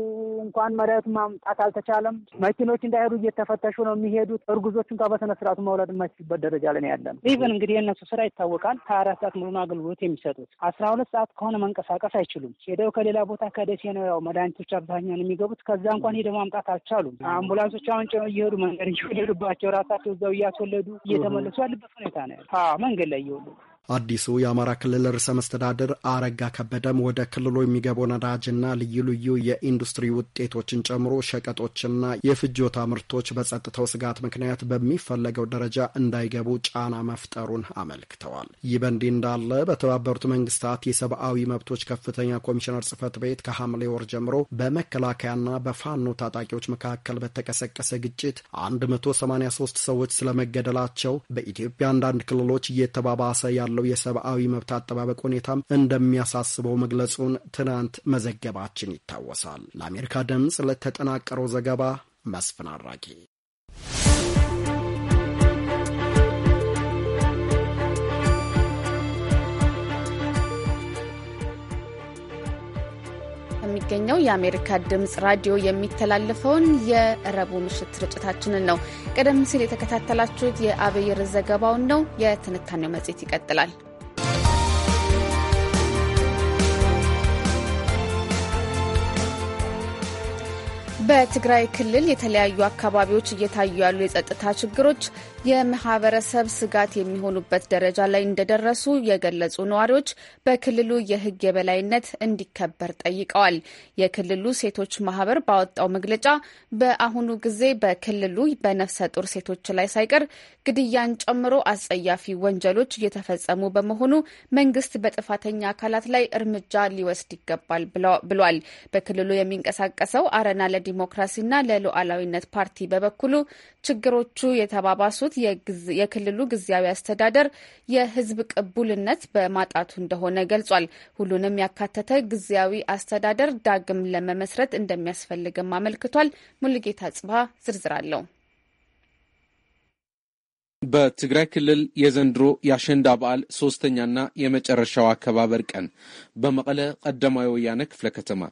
እንኳን መሬት ማምጣት አልተቻለም። መኪኖች እንዳይሄዱ እየተፈተሹ ነው የሚሄዱት። እርጉዞች እንኳ በስነ ስርዓቱ መውለድ የማይችሉበት ደረጃ ላይ ነው ኢቨን እንግዲህ የእነሱ ስራ ይታወቃል። አራት ሰዓት ሙሉን አገልግሎት የሚሰጡት አስራ ሁለት ሰዓት ከሆነ መንቀሳቀስ አይችሉም። ሄደው ከሌላ ቦታ ከደሴ ነው ያው መድኃኒቶች አብዛኛውን የሚገቡት። ከዛ እንኳን ሄደ ማምጣት አልቻሉም። አምቡላንሶች አሁን ጭነው እየሄዱ መንገድ እየወለዱባቸው ራሳቸው እዛው እያስወለዱ እየተመለሱ ያለበት ሁኔታ ነው መንገድ ላይ እየወለዱ አዲሱ የአማራ ክልል ርዕሰ መስተዳድር አረጋ ከበደም ወደ ክልሉ የሚገቡ ነዳጅና ልዩ ልዩ የኢንዱስትሪ ውጤቶችን ጨምሮ ሸቀጦችና የፍጆታ ምርቶች በጸጥታው ስጋት ምክንያት በሚፈለገው ደረጃ እንዳይገቡ ጫና መፍጠሩን አመልክተዋል። ይህ በእንዲህ እንዳለ በተባበሩት መንግስታት የሰብአዊ መብቶች ከፍተኛ ኮሚሽነር ጽህፈት ቤት ከሐምሌ ወር ጀምሮ በመከላከያና በፋኖ ታጣቂዎች መካከል በተቀሰቀሰ ግጭት 183 ሰዎች ስለመገደላቸው በኢትዮጵያ አንዳንድ ክልሎች እየተባባሰ ያለ ያለው የሰብአዊ መብት አጠባበቅ ሁኔታም እንደሚያሳስበው መግለጹን ትናንት መዘገባችን ይታወሳል። ለአሜሪካ ድምፅ ለተጠናቀረው ዘገባ መስፍን አራጌ ከሚገኘው የአሜሪካ ድምፅ ራዲዮ የሚተላለፈውን የረቡ ምሽት ስርጭታችንን ነው። ቀደም ሲል የተከታተላችሁት የአብይር ዘገባውን ነው። የትንታኔው መጽሔት ይቀጥላል። በትግራይ ክልል የተለያዩ አካባቢዎች እየታዩ ያሉ የጸጥታ ችግሮች የማህበረሰብ ስጋት የሚሆኑበት ደረጃ ላይ እንደደረሱ የገለጹ ነዋሪዎች በክልሉ የህግ የበላይነት እንዲከበር ጠይቀዋል። የክልሉ ሴቶች ማህበር ባወጣው መግለጫ በአሁኑ ጊዜ በክልሉ በነፍሰ ጡር ሴቶች ላይ ሳይቀር ግድያን ጨምሮ አጸያፊ ወንጀሎች እየተፈጸሙ በመሆኑ መንግስት በጥፋተኛ አካላት ላይ እርምጃ ሊወስድ ይገባል ብሏል። በክልሉ የሚንቀሳቀሰው አረና ለዲሞክራሲና ለሉዓላዊነት ፓርቲ በበኩሉ ችግሮቹ የተባባሱ ያሉት የክልሉ ጊዜያዊ አስተዳደር የህዝብ ቅቡልነት በማጣቱ እንደሆነ ገልጿል። ሁሉንም ያካተተ ጊዜያዊ አስተዳደር ዳግም ለመመስረት እንደሚያስፈልግም አመልክቷል። ሙልጌታ ጽባ ዝርዝር አለው። በትግራይ ክልል የዘንድሮ የአሸንዳ በዓል ሶስተኛና የመጨረሻው አከባበር ቀን በመቀለ ቀዳማዊ ወያነ ክፍለ ከተማ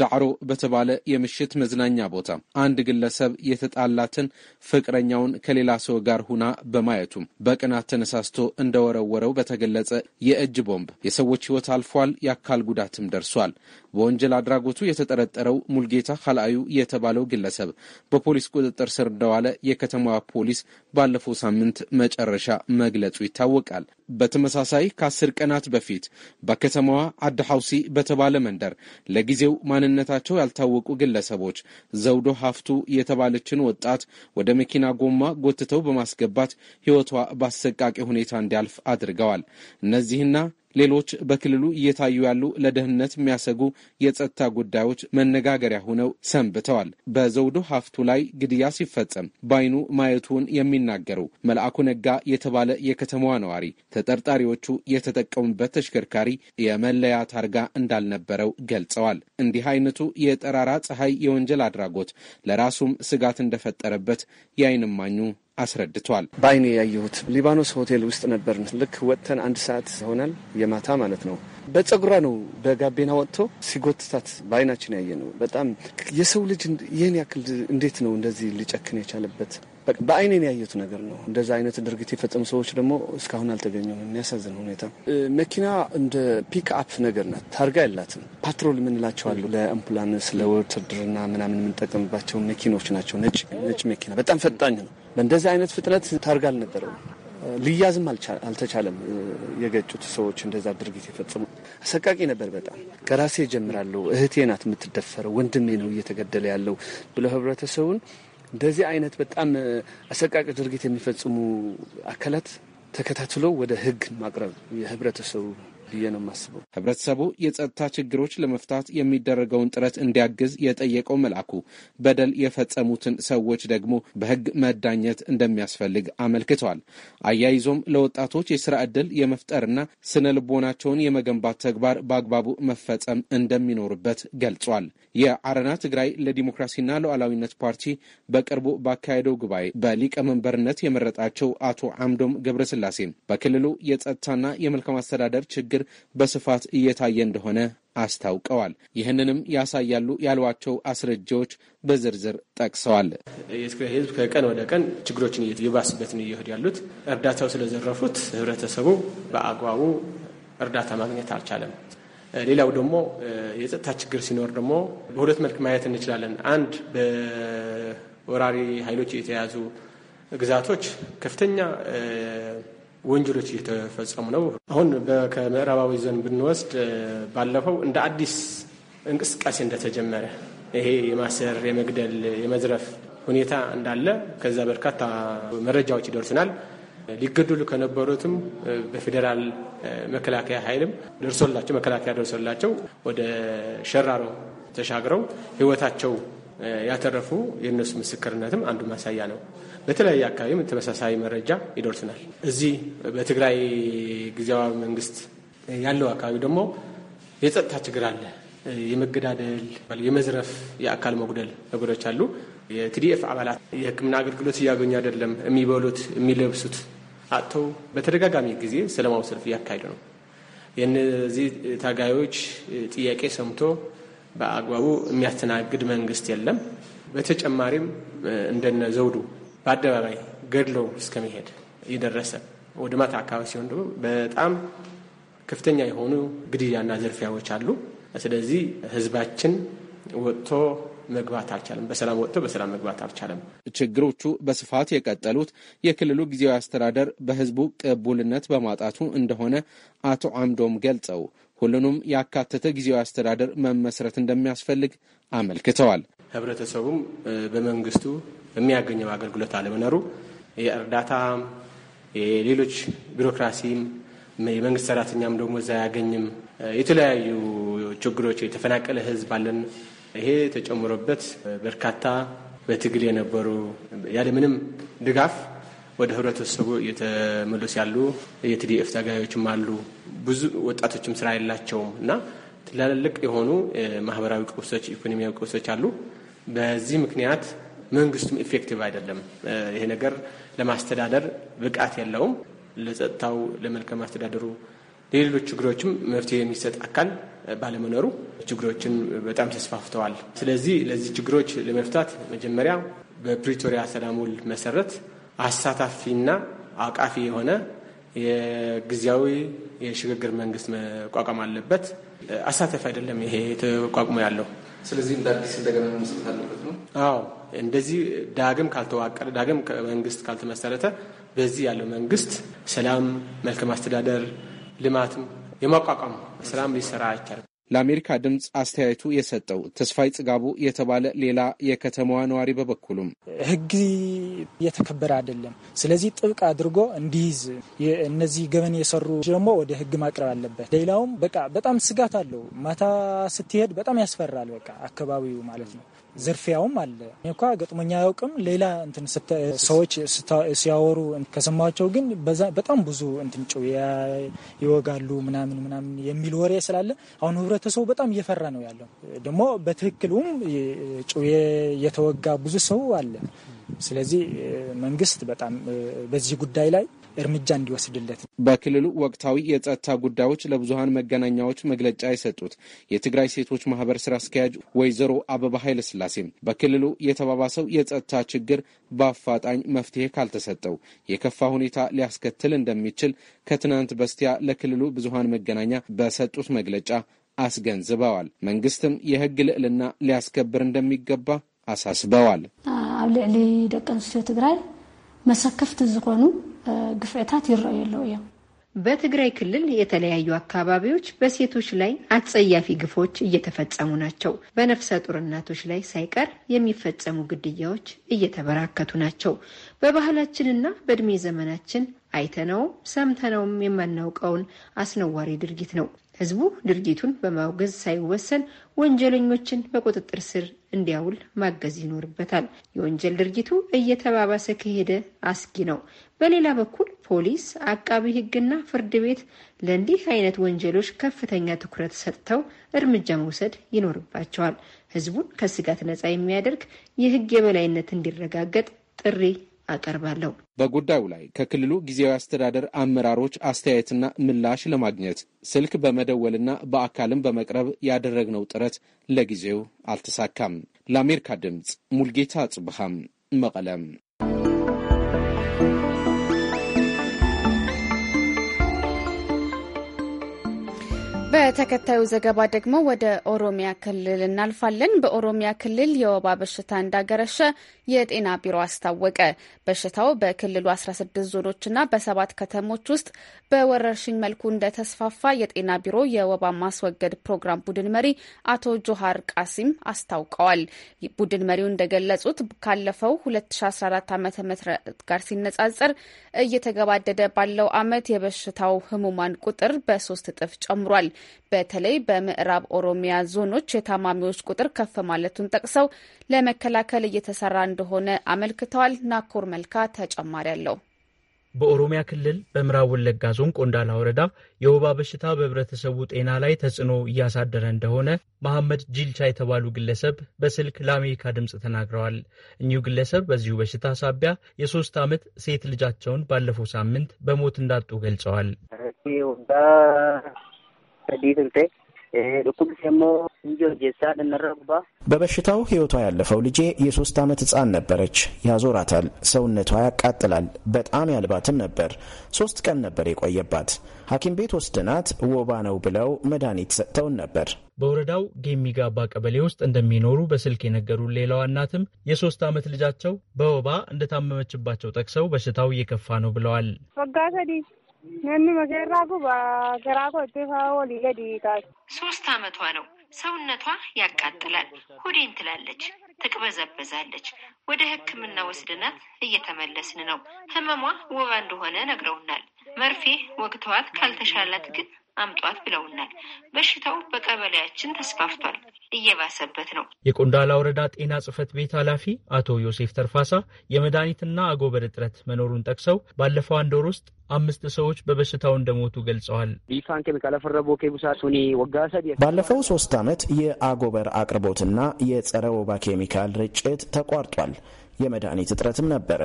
ዳዕሮ በተባለ የምሽት መዝናኛ ቦታ አንድ ግለሰብ የተጣላትን ፍቅረኛውን ከሌላ ሰው ጋር ሁና በማየቱም በቅናት ተነሳስቶ እንደወረወረው በተገለጸ የእጅ ቦምብ የሰዎች ሕይወት አልፏል፣ የአካል ጉዳትም ደርሷል። በወንጀል አድራጎቱ የተጠረጠረው ሙልጌታ ካልአዩ የተባለው ግለሰብ በፖሊስ ቁጥጥር ስር እንደዋለ የከተማዋ ፖሊስ ባለፈው ሳምንት ሳምንት መጨረሻ መግለጹ ይታወቃል። በተመሳሳይ ከአስር ቀናት በፊት በከተማዋ አድሐውሲ በተባለ መንደር ለጊዜው ማንነታቸው ያልታወቁ ግለሰቦች ዘውዶ ሀፍቱ የተባለችን ወጣት ወደ መኪና ጎማ ጎትተው በማስገባት ሕይወቷ በአሰቃቂ ሁኔታ እንዲያልፍ አድርገዋል። እነዚህና ሌሎች በክልሉ እየታዩ ያሉ ለደህንነት የሚያሰጉ የጸጥታ ጉዳዮች መነጋገሪያ ሆነው ሰንብተዋል። በዘውዱ ሀፍቱ ላይ ግድያ ሲፈጸም በአይኑ ማየቱን የሚናገረው መልአኩ ነጋ የተባለ የከተማዋ ነዋሪ ተጠርጣሪዎቹ የተጠቀሙበት ተሽከርካሪ የመለያ ታርጋ እንዳልነበረው ገልጸዋል። እንዲህ አይነቱ የጠራራ ፀሐይ የወንጀል አድራጎት ለራሱም ስጋት እንደፈጠረበት የአይን እማኙ አስረድቷል። በአይኔ ያየሁት ሊባኖስ ሆቴል ውስጥ ነበርን። ልክ ወጥተን አንድ ሰዓት ይሆናል የማታ ማለት ነው። በጸጉሯ ነው በጋቤና ወጥቶ ሲጎትታት በአይናችን ያየ ነው። በጣም የሰው ልጅ ይህን ያክል እንዴት ነው እንደዚህ ሊጨክን የቻለበት? በአይኔን ያየሁት ነገር ነው። እንደዛ አይነት ድርጊት የፈጸሙ ሰዎች ደግሞ እስካሁን አልተገኙም። የሚያሳዝን ሁኔታ መኪና እንደ ፒክ አፕ ነገር ናት። ታርጋ የላትም። ፓትሮል የምንላቸው አሉ። ለአምቡላንስ ለውትድርና ምናምን የምንጠቀምባቸው መኪኖች ናቸው። ነጭ መኪና በጣም ፈጣኝ ነው። በእንደዚህ አይነት ፍጥነት ታርጋ አልነበረውም። ልያዝም አልተቻለም። የገጩት ሰዎች እንደዛ ድርጊት የፈጽሙ አሰቃቂ ነበር በጣም ከራሴ እጀምራለሁ። እህቴ ናት የምትደፈረው፣ ወንድሜ ነው እየተገደለ ያለው ብለው ህብረተሰቡን እንደዚህ አይነት በጣም አሰቃቂ ድርጊት የሚፈጽሙ አካላት ተከታትሎ ወደ ህግ ማቅረብ የህብረተሰቡ ብዬ ነው የማስበው። ህብረተሰቡ የጸጥታ ችግሮች ለመፍታት የሚደረገውን ጥረት እንዲያግዝ የጠየቀው መልአኩ በደል የፈጸሙትን ሰዎች ደግሞ በህግ መዳኘት እንደሚያስፈልግ አመልክተዋል። አያይዞም ለወጣቶች የስራ ዕድል የመፍጠርና ስነ ልቦናቸውን የመገንባት ተግባር በአግባቡ መፈጸም እንደሚኖርበት ገልጿል። የአረና ትግራይ ለዲሞክራሲና ሉዓላዊነት ፓርቲ በቅርቡ ባካሄደው ጉባኤ በሊቀመንበርነት የመረጣቸው አቶ አምዶም ገብረስላሴ በክልሉ የጸጥታና የመልካም አስተዳደር ችግር ችግር በስፋት እየታየ እንደሆነ አስታውቀዋል። ይህንንም ያሳያሉ ያሏቸው አስረጃዎች በዝርዝር ጠቅሰዋል። የትግራይ ሕዝብ ከቀን ወደ ቀን ችግሮችን እየባስበት ነው እየሄዱ ያሉት። እርዳታው ስለዘረፉት ህብረተሰቡ በአግባቡ እርዳታ ማግኘት አልቻለም። ሌላው ደግሞ የጸጥታ ችግር ሲኖር ደግሞ በሁለት መልክ ማየት እንችላለን። አንድ በወራሪ ኃይሎች የተያዙ ግዛቶች ከፍተኛ ወንጀሎች እየተፈጸሙ ነው። አሁን ከምዕራባዊ ዞን ብንወስድ ባለፈው እንደ አዲስ እንቅስቃሴ እንደተጀመረ ይሄ የማሰር የመግደል፣ የመዝረፍ ሁኔታ እንዳለ ከዛ በርካታ መረጃዎች ይደርሱናል። ሊገደሉ ከነበሩትም በፌዴራል መከላከያ ኃይልም ደርሶላቸው መከላከያ ደርሶላቸው ወደ ሸራሮ ተሻግረው ህይወታቸው ያተረፉ የእነሱ ምስክርነትም አንዱ ማሳያ ነው። በተለያየ አካባቢም ተመሳሳይ መረጃ ይደርስናል። እዚህ በትግራይ ጊዜያዊ መንግስት ያለው አካባቢ ደግሞ የጸጥታ ችግር አለ። የመገዳደል፣ የመዝረፍ፣ የአካል መጉደል ነገሮች አሉ። የቲዲኤፍ አባላት የሕክምና አገልግሎት እያገኙ አይደለም። የሚበሉት የሚለብሱት አጥተው በተደጋጋሚ ጊዜ ሰላማዊ ሰልፍ እያካሄዱ ነው። የእነዚህ ታጋዮች ጥያቄ ሰምቶ በአግባቡ የሚያስተናግድ መንግስት የለም። በተጨማሪም እንደነ ዘውዱ በአደባባይ ገድለው እስከመሄድ የደረሰ ወደ ማታ አካባቢ ሲሆን ደግሞ በጣም ከፍተኛ የሆኑ ግድያና ዝርፊያዎች አሉ። ስለዚህ ህዝባችን ወጥቶ መግባት አልቻለም። በሰላም ወጥቶ በሰላም መግባት አልቻለም። ችግሮቹ በስፋት የቀጠሉት የክልሉ ጊዜያዊ አስተዳደር በህዝቡ ቅቡልነት በማጣቱ እንደሆነ አቶ አምዶም ገልጸው ሁሉንም ያካተተ ጊዜያዊ አስተዳደር መመስረት እንደሚያስፈልግ አመልክተዋል። ህብረተሰቡም በመንግስቱ የሚያገኘው አገልግሎት አለመኖሩ የእርዳታ የሌሎች ቢሮክራሲም የመንግስት ሰራተኛም ደግሞ እዛ አያገኝም። የተለያዩ ችግሮች የተፈናቀለ ህዝብ አለን። ይሄ ተጨምሮበት በርካታ በትግል የነበሩ ያለምንም ድጋፍ ወደ ህብረተሰቡ እየተመለሱ ያሉ የቲዲኤፍ ታጋዮችም አሉ። ብዙ ወጣቶችም ስራ የላቸውም እና ትላልቅ የሆኑ ማህበራዊ ቀውሶች፣ ኢኮኖሚያዊ ቀውሶች አሉ። በዚህ ምክንያት መንግስቱም ኢፌክቲቭ አይደለም። ይሄ ነገር ለማስተዳደር ብቃት የለውም። ለጸጥታው፣ ለመልካም አስተዳደሩ፣ ለሌሎች ችግሮችም መፍትሄ የሚሰጥ አካል ባለመኖሩ ችግሮችን በጣም ተስፋፍተዋል። ስለዚህ ለዚህ ችግሮች ለመፍታት መጀመሪያ በፕሪቶሪያ ሰላም ውል መሰረት አሳታፊና አቃፊ የሆነ የጊዜያዊ የሽግግር መንግስት መቋቋም አለበት። አሳታፊ አይደለም ይሄ ተቋቁሞ ያለው። ስለዚህ እንደ አዲስ እንደገና መስጠት አለበት ነው። አዎ እንደዚህ ዳግም ካልተዋቀረ ዳግም መንግስት ካልተመሰረተ በዚህ ያለው መንግስት ሰላም፣ መልካም አስተዳደር፣ ልማትም የማቋቋም ስራም ሊሰራ አይቻልም። ለአሜሪካ ድምፅ አስተያየቱ የሰጠው ተስፋይ ጽጋቡ የተባለ ሌላ የከተማዋ ነዋሪ በበኩሉም ሕግ እየተከበረ አይደለም። ስለዚህ ጥብቅ አድርጎ እንዲይዝ እነዚህ ገበን የሰሩ ደግሞ ወደ ሕግ ማቅረብ አለበት። ሌላውም በቃ በጣም ስጋት አለው። ማታ ስትሄድ በጣም ያስፈራል። በቃ አካባቢው ማለት ነው። ዝርፊያውም አለ። እኳ ገጥሞኛ አያውቅም። ሌላ እንትን ሰዎች ሲያወሩ ከሰማቸው ግን በጣም ብዙ እንትን ጭው ይወጋሉ ምናምን ምናምን የሚል ወሬ ስላለ አሁን ህብረተሰቡ በጣም እየፈራ ነው ያለው። ደግሞ በትክክሉም ጭው የተወጋ ብዙ ሰው አለ። ስለዚህ መንግስት በጣም በዚህ ጉዳይ ላይ እርምጃ እንዲወስድለት ነው። በክልሉ ወቅታዊ የጸጥታ ጉዳዮች ለብዙሀን መገናኛዎች መግለጫ የሰጡት የትግራይ ሴቶች ማህበር ስራ አስኪያጅ ወይዘሮ አበባ ኃይለ ስላሴ በክልሉ የተባባሰው የጸጥታ ችግር በአፋጣኝ መፍትሄ ካልተሰጠው የከፋ ሁኔታ ሊያስከትል እንደሚችል ከትናንት በስቲያ ለክልሉ ብዙሀን መገናኛ በሰጡት መግለጫ አስገንዝበዋል። መንግስትም የህግ ልዕልና ሊያስከብር እንደሚገባ አሳስበዋል። ኣብ ልዕሊ ደቂ ኣንስትዮ ትግራይ መሰከፍቲ ዝኾኑ ግፍዕታት ይረአዩ እዮም በትግራይ ክልል የተለያዩ አካባቢዎች በሴቶች ላይ አጸያፊ ግፎች እየተፈጸሙ ናቸው። በነፍሰ ጡር እናቶች ላይ ሳይቀር የሚፈጸሙ ግድያዎች እየተበራከቱ ናቸው። በባህላችንና በእድሜ ዘመናችን አይተነው ሰምተነውም የማናውቀውን አስነዋሪ ድርጊት ነው። ህዝቡ ድርጊቱን በማውገዝ ሳይወሰን ወንጀለኞችን በቁጥጥር ስር እንዲያውል ማገዝ ይኖርበታል። የወንጀል ድርጊቱ እየተባባሰ ከሄደ አስጊ ነው። በሌላ በኩል ፖሊስ፣ አቃቢ ህግና ፍርድ ቤት ለእንዲህ አይነት ወንጀሎች ከፍተኛ ትኩረት ሰጥተው እርምጃ መውሰድ ይኖርባቸዋል። ህዝቡን ከስጋት ነፃ የሚያደርግ የህግ የበላይነት እንዲረጋገጥ ጥሪ አቀርባለሁ። በጉዳዩ ላይ ከክልሉ ጊዜያዊ አስተዳደር አመራሮች አስተያየትና ምላሽ ለማግኘት ስልክ በመደወልና በአካልም በመቅረብ ያደረግነው ጥረት ለጊዜው አልተሳካም። ለአሜሪካ ድምፅ ሙልጌታ ጽብሃም መቀለም በተከታዩ ዘገባ ደግሞ ወደ ኦሮሚያ ክልል እናልፋለን። በኦሮሚያ ክልል የወባ በሽታ እንዳገረሸ የጤና ቢሮ አስታወቀ። በሽታው በክልሉ 16 ዞኖችና በሰባት ከተሞች ውስጥ በወረርሽኝ መልኩ እንደተስፋፋ የጤና ቢሮ የወባ ማስወገድ ፕሮግራም ቡድን መሪ አቶ ጆሃር ቃሲም አስታውቀዋል። ቡድን መሪው እንደገለጹት ካለፈው 2014 ዓ ም ጋር ሲነጻጸር እየተገባደደ ባለው ዓመት የበሽታው ህሙማን ቁጥር በሶስት እጥፍ ጨምሯል። በተለይ በምዕራብ ኦሮሚያ ዞኖች የታማሚዎች ቁጥር ከፍ ማለቱን ጠቅሰው ለመከላከል እየተሰራ እንደሆነ አመልክተዋል። ናኮር መልካ ተጨማሪ አለው። በኦሮሚያ ክልል በምዕራብ ወለጋ ዞን ቆንዳላ ወረዳ የወባ በሽታ በህብረተሰቡ ጤና ላይ ተጽዕኖ እያሳደረ እንደሆነ መሐመድ ጂልቻ የተባሉ ግለሰብ በስልክ ለአሜሪካ ድምፅ ተናግረዋል። እኚሁ ግለሰብ በዚሁ በሽታ ሳቢያ የሶስት ዓመት ሴት ልጃቸውን ባለፈው ሳምንት በሞት እንዳጡ ገልጸዋል። sadii በበሽታው ህይወቷ ያለፈው ልጄ የሶስት ዓመት ህፃን ነበረች። ያዞራታል፣ ሰውነቷ ያቃጥላል። በጣም ያልባትም ነበር። ሶስት ቀን ነበር የቆየባት። ሐኪም ቤት ወስድናት ወባ ነው ብለው መድኃኒት ሰጥተውን ነበር። በወረዳው ጌሚጋባ ቀበሌ ውስጥ እንደሚኖሩ በስልክ የነገሩን ሌላዋ እናትም የሶስት ዓመት ልጃቸው በወባ እንደታመመችባቸው ጠቅሰው በሽታው እየከፋ ነው ብለዋል። ነን መገራኩ በገራኩ ሶስት አመቷ ነው። ሰውነቷ ያቃጥላል። ሆዴን ትላለች፣ ትቅበዘበዛለች። ወደ ሕክምና ወስደናት እየተመለስን ነው። ህመሟ ወባ እንደሆነ ነግረውናል። መርፌ ወግተዋት ካልተሻላት ግን አምጧት ብለውናል። በሽታው በቀበሌያችን ተስፋፍቷል፣ እየባሰበት ነው። የቆንዳላ ወረዳ ጤና ጽህፈት ቤት ኃላፊ አቶ ዮሴፍ ተርፋሳ የመድኃኒትና አጎበር እጥረት መኖሩን ጠቅሰው ባለፈው አንድ ወር ውስጥ አምስት ሰዎች በበሽታው እንደሞቱ ገልጸዋል። ባለፈው ሶስት ዓመት የአጎበር አቅርቦትና የጸረ ወባ ኬሚካል ርጭት ተቋርጧል። የመድኃኒት እጥረትም ነበረ።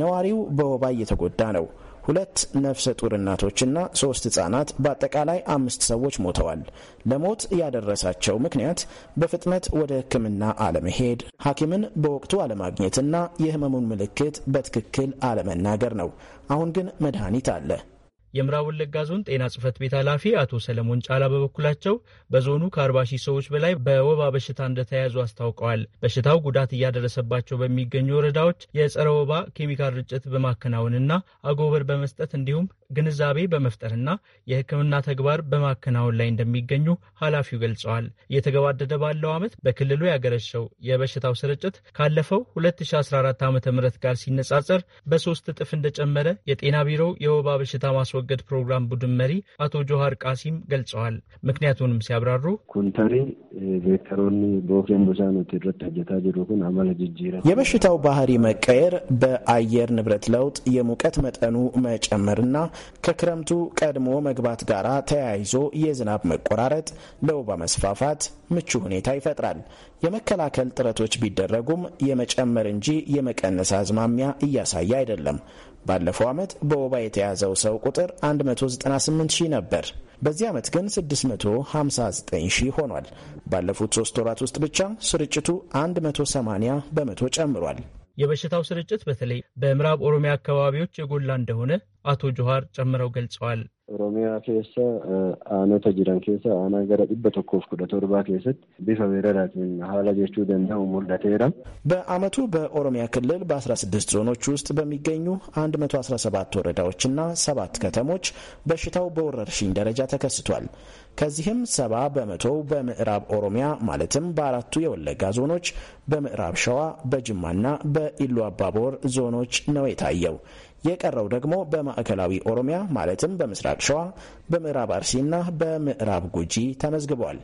ነዋሪው በወባ እየተጎዳ ነው። ሁለት ነፍሰ ጡር እናቶችና ሶስት ህጻናት በአጠቃላይ አምስት ሰዎች ሞተዋል። ለሞት ያደረሳቸው ምክንያት በፍጥነት ወደ ሕክምና አለመሄድ፣ ሐኪምን በወቅቱ አለማግኘትና የህመሙን ምልክት በትክክል አለመናገር ነው። አሁን ግን መድኃኒት አለ። የምዕራብ ወለጋ ዞን ጤና ጽፈት ቤት ኃላፊ አቶ ሰለሞን ጫላ በበኩላቸው በዞኑ ከ40 ሺህ ሰዎች በላይ በወባ በሽታ እንደተያያዙ አስታውቀዋል። በሽታው ጉዳት እያደረሰባቸው በሚገኙ ወረዳዎች የጸረ ወባ ኬሚካል ርጭት በማከናወንና አጎበር በመስጠት እንዲሁም ግንዛቤ በመፍጠርና የሕክምና ተግባር በማከናወን ላይ እንደሚገኙ ኃላፊው ገልጸዋል። እየተገባደደ ባለው ዓመት በክልሉ ያገረሸው የበሽታው ስርጭት ካለፈው 2014 ዓ ም ጋር ሲነጻጸር በሶስት እጥፍ እንደጨመረ የጤና ቢሮው የወባ በሽታ ማስወገድ ፕሮግራም ቡድን መሪ አቶ ጆሃር ቃሲም ገልጸዋል። ምክንያቱንም ሲያብራሩ ኩንተሪ ቬክተሮኒ በኦኬን ጅጅረ የበሽታው ባህሪ መቀየር በአየር ንብረት ለውጥ የሙቀት መጠኑ መጨመርና ከክረምቱ ቀድሞ መግባት ጋር ተያይዞ የዝናብ መቆራረጥ ለወባ መስፋፋት ምቹ ሁኔታ ይፈጥራል። የመከላከል ጥረቶች ቢደረጉም የመጨመር እንጂ የመቀነስ አዝማሚያ እያሳየ አይደለም። ባለፈው ዓመት በወባ የተያዘው ሰው ቁጥር 198 ሺህ ነበር። በዚህ ዓመት ግን 659 ሺህ ሆኗል። ባለፉት ሶስት ወራት ውስጥ ብቻ ስርጭቱ 180 በመቶ ጨምሯል። የበሽታው ስርጭት በተለይ በምዕራብ ኦሮሚያ አካባቢዎች የጎላ እንደሆነ አቶ ጆሃር ጨምረው ገልጸዋል። ኦሮሚያ ኬሳ አኖተ ጅራን ኬሳ አና ገረ ዲበ ተኮፍ ኩደ ተርባ ኬሰት ቢፈ ብሔረራትን ሀላ ጀቹ ደንዳው ሙልዳቴራ በአመቱ በኦሮሚያ ክልል በ16 ዞኖች ውስጥ በሚገኙ አንድ መቶ አስራ ሰባት ወረዳዎች ና ሰባት ከተሞች በሽታው በወረርሽኝ ደረጃ ተከስቷል። ከዚህም ሰባ በመቶ በምዕራብ ኦሮሚያ ማለትም በአራቱ የወለጋ ዞኖች፣ በምዕራብ ሸዋ፣ በጅማና በኢሉ አባቦር ዞኖች ነው የታየው። የቀረው ደግሞ በማዕከላዊ ኦሮሚያ ማለትም በምስራቅ ሸዋ፣ በምዕራብ አርሲና በምዕራብ ጉጂ ተመዝግቧል።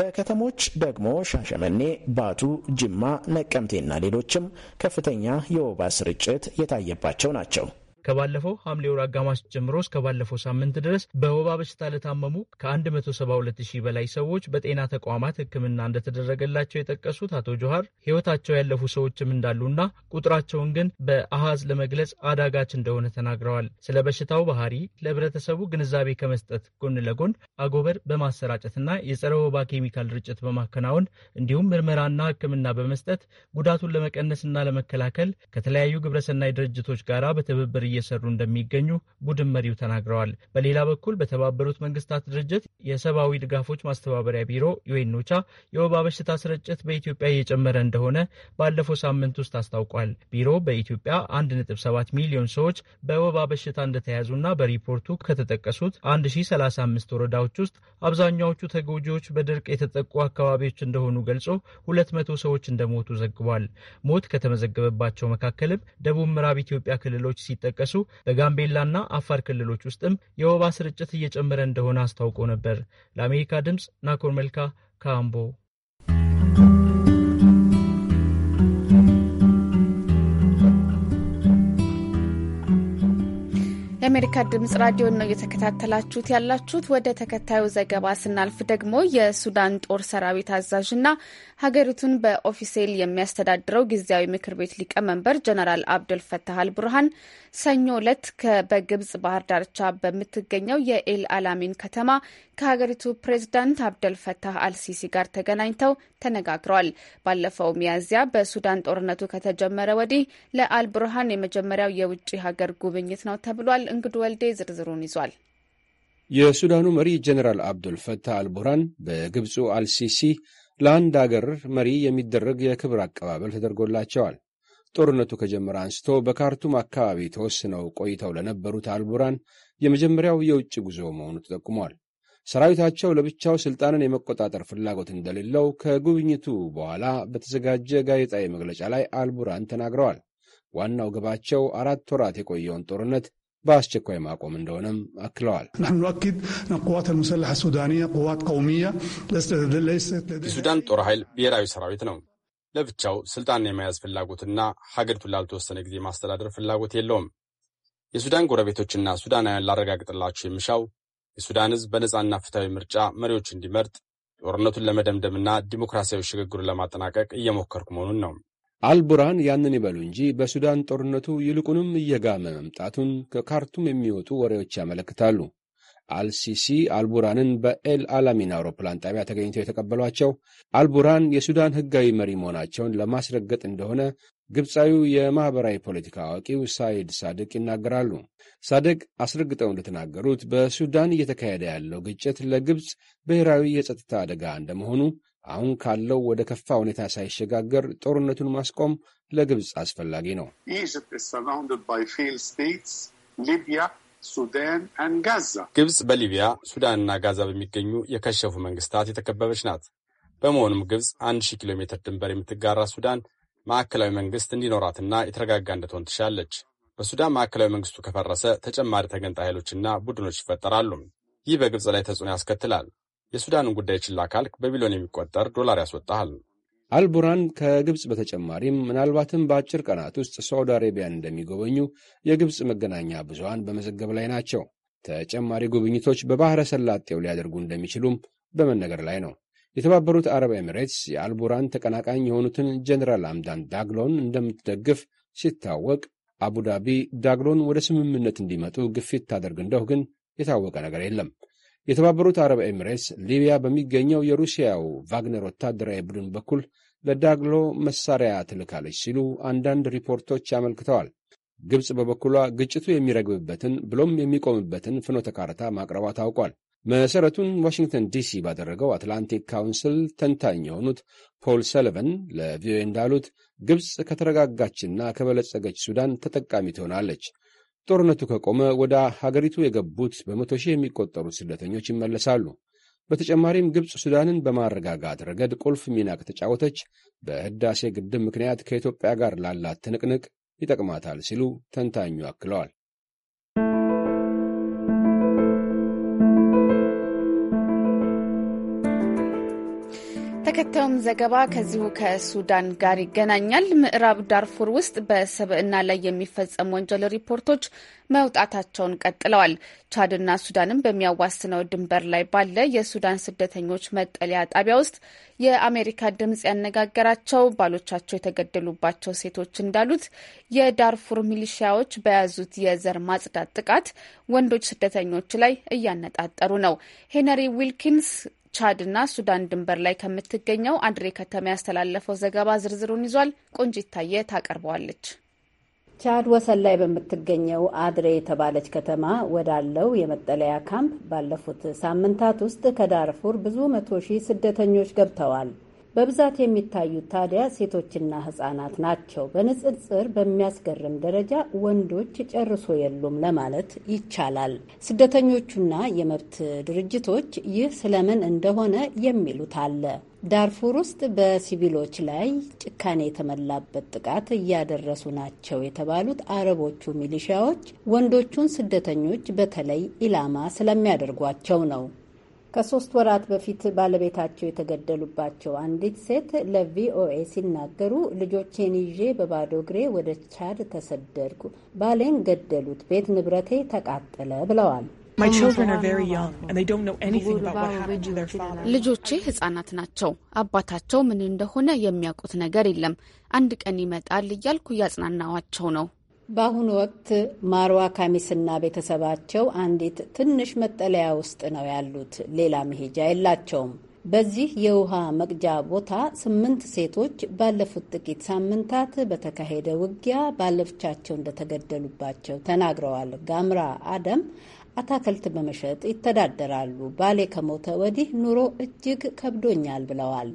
በከተሞች ደግሞ ሻሸመኔ፣ ባቱ፣ ጅማ፣ ነቀምቴና ሌሎችም ከፍተኛ የወባ ስርጭት የታየባቸው ናቸው። ከባለፈው ሐምሌ ወር አጋማሽ ጀምሮ እስከ ባለፈው ሳምንት ድረስ በወባ በሽታ ለታመሙ ከ172 ሺህ በላይ ሰዎች በጤና ተቋማት ሕክምና እንደተደረገላቸው የጠቀሱት አቶ ጆሃር ሕይወታቸው ያለፉ ሰዎችም እንዳሉና ቁጥራቸውን ግን በአሃዝ ለመግለጽ አዳጋች እንደሆነ ተናግረዋል። ስለ በሽታው ባህሪ ለህብረተሰቡ ግንዛቤ ከመስጠት ጎን ለጎን አጎበር በማሰራጨትና የጸረ ወባ ኬሚካል ርጭት በማከናወን እንዲሁም ምርመራና ሕክምና በመስጠት ጉዳቱን ለመቀነስና ለመከላከል ከተለያዩ ግብረሰናይ ድርጅቶች ጋር በትብብር እየሰሩ እንደሚገኙ ቡድን መሪው ተናግረዋል። በሌላ በኩል በተባበሩት መንግስታት ድርጅት የሰብአዊ ድጋፎች ማስተባበሪያ ቢሮ ዩኤኖቻ የወባ በሽታ ስርጭት በኢትዮጵያ እየጨመረ እንደሆነ ባለፈው ሳምንት ውስጥ አስታውቋል። ቢሮ በኢትዮጵያ 1.7 ሚሊዮን ሰዎች በወባ በሽታ እንደተያዙና በሪፖርቱ ከተጠቀሱት 1035 ወረዳዎች ውስጥ አብዛኛዎቹ ተጎጂዎች በድርቅ የተጠቁ አካባቢዎች እንደሆኑ ገልጾ 200 ሰዎች እንደሞቱ ዘግቧል። ሞት ከተመዘገበባቸው መካከልም ደቡብ ምዕራብ ኢትዮጵያ ክልሎች ሲጠቀሱ በመቀስቀሱ በጋምቤላና አፋር ክልሎች ውስጥም የወባ ስርጭት እየጨመረ እንደሆነ አስታውቆ ነበር። ለአሜሪካ ድምፅ ናኮር መልካ ካምቦ የአሜሪካ ድምጽ ራዲዮ ነው እየተከታተላችሁት ያላችሁት። ወደ ተከታዩ ዘገባ ስናልፍ ደግሞ የሱዳን ጦር ሰራዊት አዛዥና ሀገሪቱን በኦፊሴል የሚያስተዳድረው ጊዜያዊ ምክር ቤት ሊቀመንበር ጀነራል አብደል ፈታህ አል ቡርሃን ሰኞ ዕለት በግብጽ ባህር ዳርቻ በምትገኘው የኤል አላሚን ከተማ ከሀገሪቱ ፕሬዚዳንት አብደል ፈታህ አልሲሲ ጋር ተገናኝተው ተነጋግረዋል። ባለፈው ሚያዝያ በሱዳን ጦርነቱ ከተጀመረ ወዲህ ለአልብርሃን የመጀመሪያው የውጭ ሀገር ጉብኝት ነው ተብሏል። እንግዱ ወልዴ ዝርዝሩን ይዟል። የሱዳኑ መሪ ጀኔራል ፈታህ አልቡርሃን በግብፁ አልሲሲ ለአንድ አገር መሪ የሚደረግ የክብር አቀባበል ተደርጎላቸዋል። ጦርነቱ ከጀመረ አንስቶ በካርቱም አካባቢ ተወስነው ቆይተው ለነበሩት አልቡርሃን የመጀመሪያው የውጭ ጉዞ መሆኑ ተጠቁሟል። ሰራዊታቸው ለብቻው ሥልጣንን የመቆጣጠር ፍላጎት እንደሌለው ከጉብኝቱ በኋላ በተዘጋጀ ጋዜጣዊ መግለጫ ላይ አልቡርሃን ተናግረዋል። ዋናው ግባቸው አራት ወራት የቆየውን ጦርነት በአስቸኳይ ማቆም እንደሆነም አክለዋል። የሱዳን ጦር ኃይል ብሔራዊ ሰራዊት ነው። ለብቻው ስልጣን የመያዝ ፍላጎትና ሀገሪቱን ላልተወሰነ ጊዜ ማስተዳደር ፍላጎት የለውም። የሱዳን ጎረቤቶችና ሱዳናውያን ላረጋግጥላቸው የሚሻው የሱዳን ህዝብ በነፃና ፍትሐዊ ምርጫ መሪዎች እንዲመርጥ ጦርነቱን ለመደምደምና ዲሞክራሲያዊ ሽግግሩን ለማጠናቀቅ እየሞከርኩ መሆኑን ነው። አልቡራን ያንን ይበሉ እንጂ በሱዳን ጦርነቱ ይልቁንም እየጋመ መምጣቱን ከካርቱም የሚወጡ ወሬዎች ያመለክታሉ። አልሲሲ አልቡራንን በኤል አላሚን አውሮፕላን ጣቢያ ተገኝተው የተቀበሏቸው አልቡራን የሱዳን ሕጋዊ መሪ መሆናቸውን ለማስረገጥ እንደሆነ ግብፃዊው የማኅበራዊ ፖለቲካ አዋቂው ሳይድ ሳድቅ ይናገራሉ። ሳድቅ አስረግጠው እንደተናገሩት በሱዳን እየተካሄደ ያለው ግጭት ለግብፅ ብሔራዊ የጸጥታ አደጋ እንደመሆኑ አሁን ካለው ወደ ከፋ ሁኔታ ሳይሸጋገር ጦርነቱን ማስቆም ለግብፅ አስፈላጊ ነው። ግብፅ በሊቢያ ሱዳንና ጋዛ በሚገኙ የከሸፉ መንግስታት የተከበበች ናት። በመሆኑም ግብፅ አንድ ሺህ ኪሎ ሜትር ድንበር የምትጋራ ሱዳን ማዕከላዊ መንግስት እንዲኖራትና የተረጋጋ እንድትሆን ትሻለች። በሱዳን ማዕከላዊ መንግስቱ ከፈረሰ ተጨማሪ ተገንጣይ ኃይሎችና ቡድኖች ይፈጠራሉ። ይህ በግብፅ ላይ ተጽዕኖ ያስከትላል። የሱዳንን ጉዳይ ችላ ካልክ በቢሊዮን የሚቆጠር ዶላር ያስወጣሃል። አልቡራን ከግብፅ በተጨማሪም ምናልባትም በአጭር ቀናት ውስጥ ሳውዲ አረቢያን እንደሚጎበኙ የግብፅ መገናኛ ብዙሃን በመዘገብ ላይ ናቸው። ተጨማሪ ጉብኝቶች በባህረ ሰላጤው ሊያደርጉ እንደሚችሉም በመነገር ላይ ነው። የተባበሩት አረብ ኤሚሬትስ የአልቡራን ተቀናቃኝ የሆኑትን ጀኔራል አምዳን ዳግሎን እንደምትደግፍ ሲታወቅ፣ አቡዳቢ ዳግሎን ወደ ስምምነት እንዲመጡ ግፊት ታደርግ እንደሁ ግን የታወቀ ነገር የለም። የተባበሩት አረብ ኤምሬትስ ሊቢያ በሚገኘው የሩሲያው ቫግነር ወታደራዊ ቡድን በኩል ለዳግሎ መሳሪያ ትልካለች ሲሉ አንዳንድ ሪፖርቶች አመልክተዋል። ግብፅ በበኩሏ ግጭቱ የሚረግብበትን ብሎም የሚቆምበትን ፍኖተ ካርታ ማቅረቧ ታውቋል። መሠረቱን ዋሽንግተን ዲሲ ባደረገው አትላንቲክ ካውንስል ተንታኝ የሆኑት ፖል ሰለቨን ለቪኦኤ እንዳሉት ግብፅ ከተረጋጋችና ከበለጸገች ሱዳን ተጠቃሚ ትሆናለች። ጦርነቱ ከቆመ ወደ ሀገሪቱ የገቡት በመቶ ሺህ የሚቆጠሩት ስደተኞች ይመለሳሉ። በተጨማሪም ግብፅ ሱዳንን በማረጋጋት ረገድ ቁልፍ ሚና ከተጫወተች በህዳሴ ግድብ ምክንያት ከኢትዮጵያ ጋር ላላት ትንቅንቅ ይጠቅማታል ሲሉ ተንታኙ አክለዋል። ተከታዩም ዘገባ ከዚሁ ከሱዳን ጋር ይገናኛል። ምዕራብ ዳርፉር ውስጥ በሰብዕና ላይ የሚፈጸሙ ወንጀል ሪፖርቶች መውጣታቸውን ቀጥለዋል። ቻድና ሱዳንም በሚያዋስነው ድንበር ላይ ባለ የሱዳን ስደተኞች መጠለያ ጣቢያ ውስጥ የአሜሪካ ድምጽ ያነጋገራቸው ባሎቻቸው የተገደሉባቸው ሴቶች እንዳሉት የዳርፉር ሚሊሺያዎች በያዙት የዘር ማጽዳት ጥቃት ወንዶች ስደተኞች ላይ እያነጣጠሩ ነው። ሄነሪ ዊልኪንስ ቻድና ሱዳን ድንበር ላይ ከምትገኘው አንድሬ ከተማ ያስተላለፈው ዘገባ ዝርዝሩን ይዟል። ቆንጂት ታየ ታቀርበዋለች። ቻድ ወሰን ላይ በምትገኘው አድሬ የተባለች ከተማ ወዳለው የመጠለያ ካምፕ ባለፉት ሳምንታት ውስጥ ከዳርፉር ብዙ መቶ ሺህ ስደተኞች ገብተዋል። በብዛት የሚታዩት ታዲያ ሴቶችና ህጻናት ናቸው። በንጽጽር በሚያስገርም ደረጃ ወንዶች ጨርሶ የሉም ለማለት ይቻላል። ስደተኞቹና የመብት ድርጅቶች ይህ ስለምን እንደሆነ የሚሉት አለ። ዳርፉር ውስጥ በሲቪሎች ላይ ጭካኔ የተሞላበት ጥቃት እያደረሱ ናቸው የተባሉት አረቦቹ ሚሊሺያዎች ወንዶቹን ስደተኞች በተለይ ኢላማ ስለሚያደርጓቸው ነው። ከሶስት ወራት በፊት ባለቤታቸው የተገደሉባቸው አንዲት ሴት ለቪኦኤ ሲናገሩ ልጆቼን ይዤ በባዶ እግሬ ወደ ቻድ ተሰደድኩ፣ ባሌን ገደሉት፣ ቤት ንብረቴ ተቃጠለ ብለዋል። ልጆቼ ህጻናት ናቸው። አባታቸው ምን እንደሆነ የሚያውቁት ነገር የለም። አንድ ቀን ይመጣል እያልኩ እያጽናናዋቸው ነው። በአሁኑ ወቅት ማርዋ ካሚስና ቤተሰባቸው አንዲት ትንሽ መጠለያ ውስጥ ነው ያሉት። ሌላ መሄጃ የላቸውም። በዚህ የውሃ መቅጃ ቦታ ስምንት ሴቶች ባለፉት ጥቂት ሳምንታት በተካሄደ ውጊያ ባለብቻቸው እንደተገደሉባቸው ተናግረዋል። ጋምራ አደም አታክልት በመሸጥ ይተዳደራሉ። ባሌ ከሞተ ወዲህ ኑሮ እጅግ ከብዶኛል ብለዋል።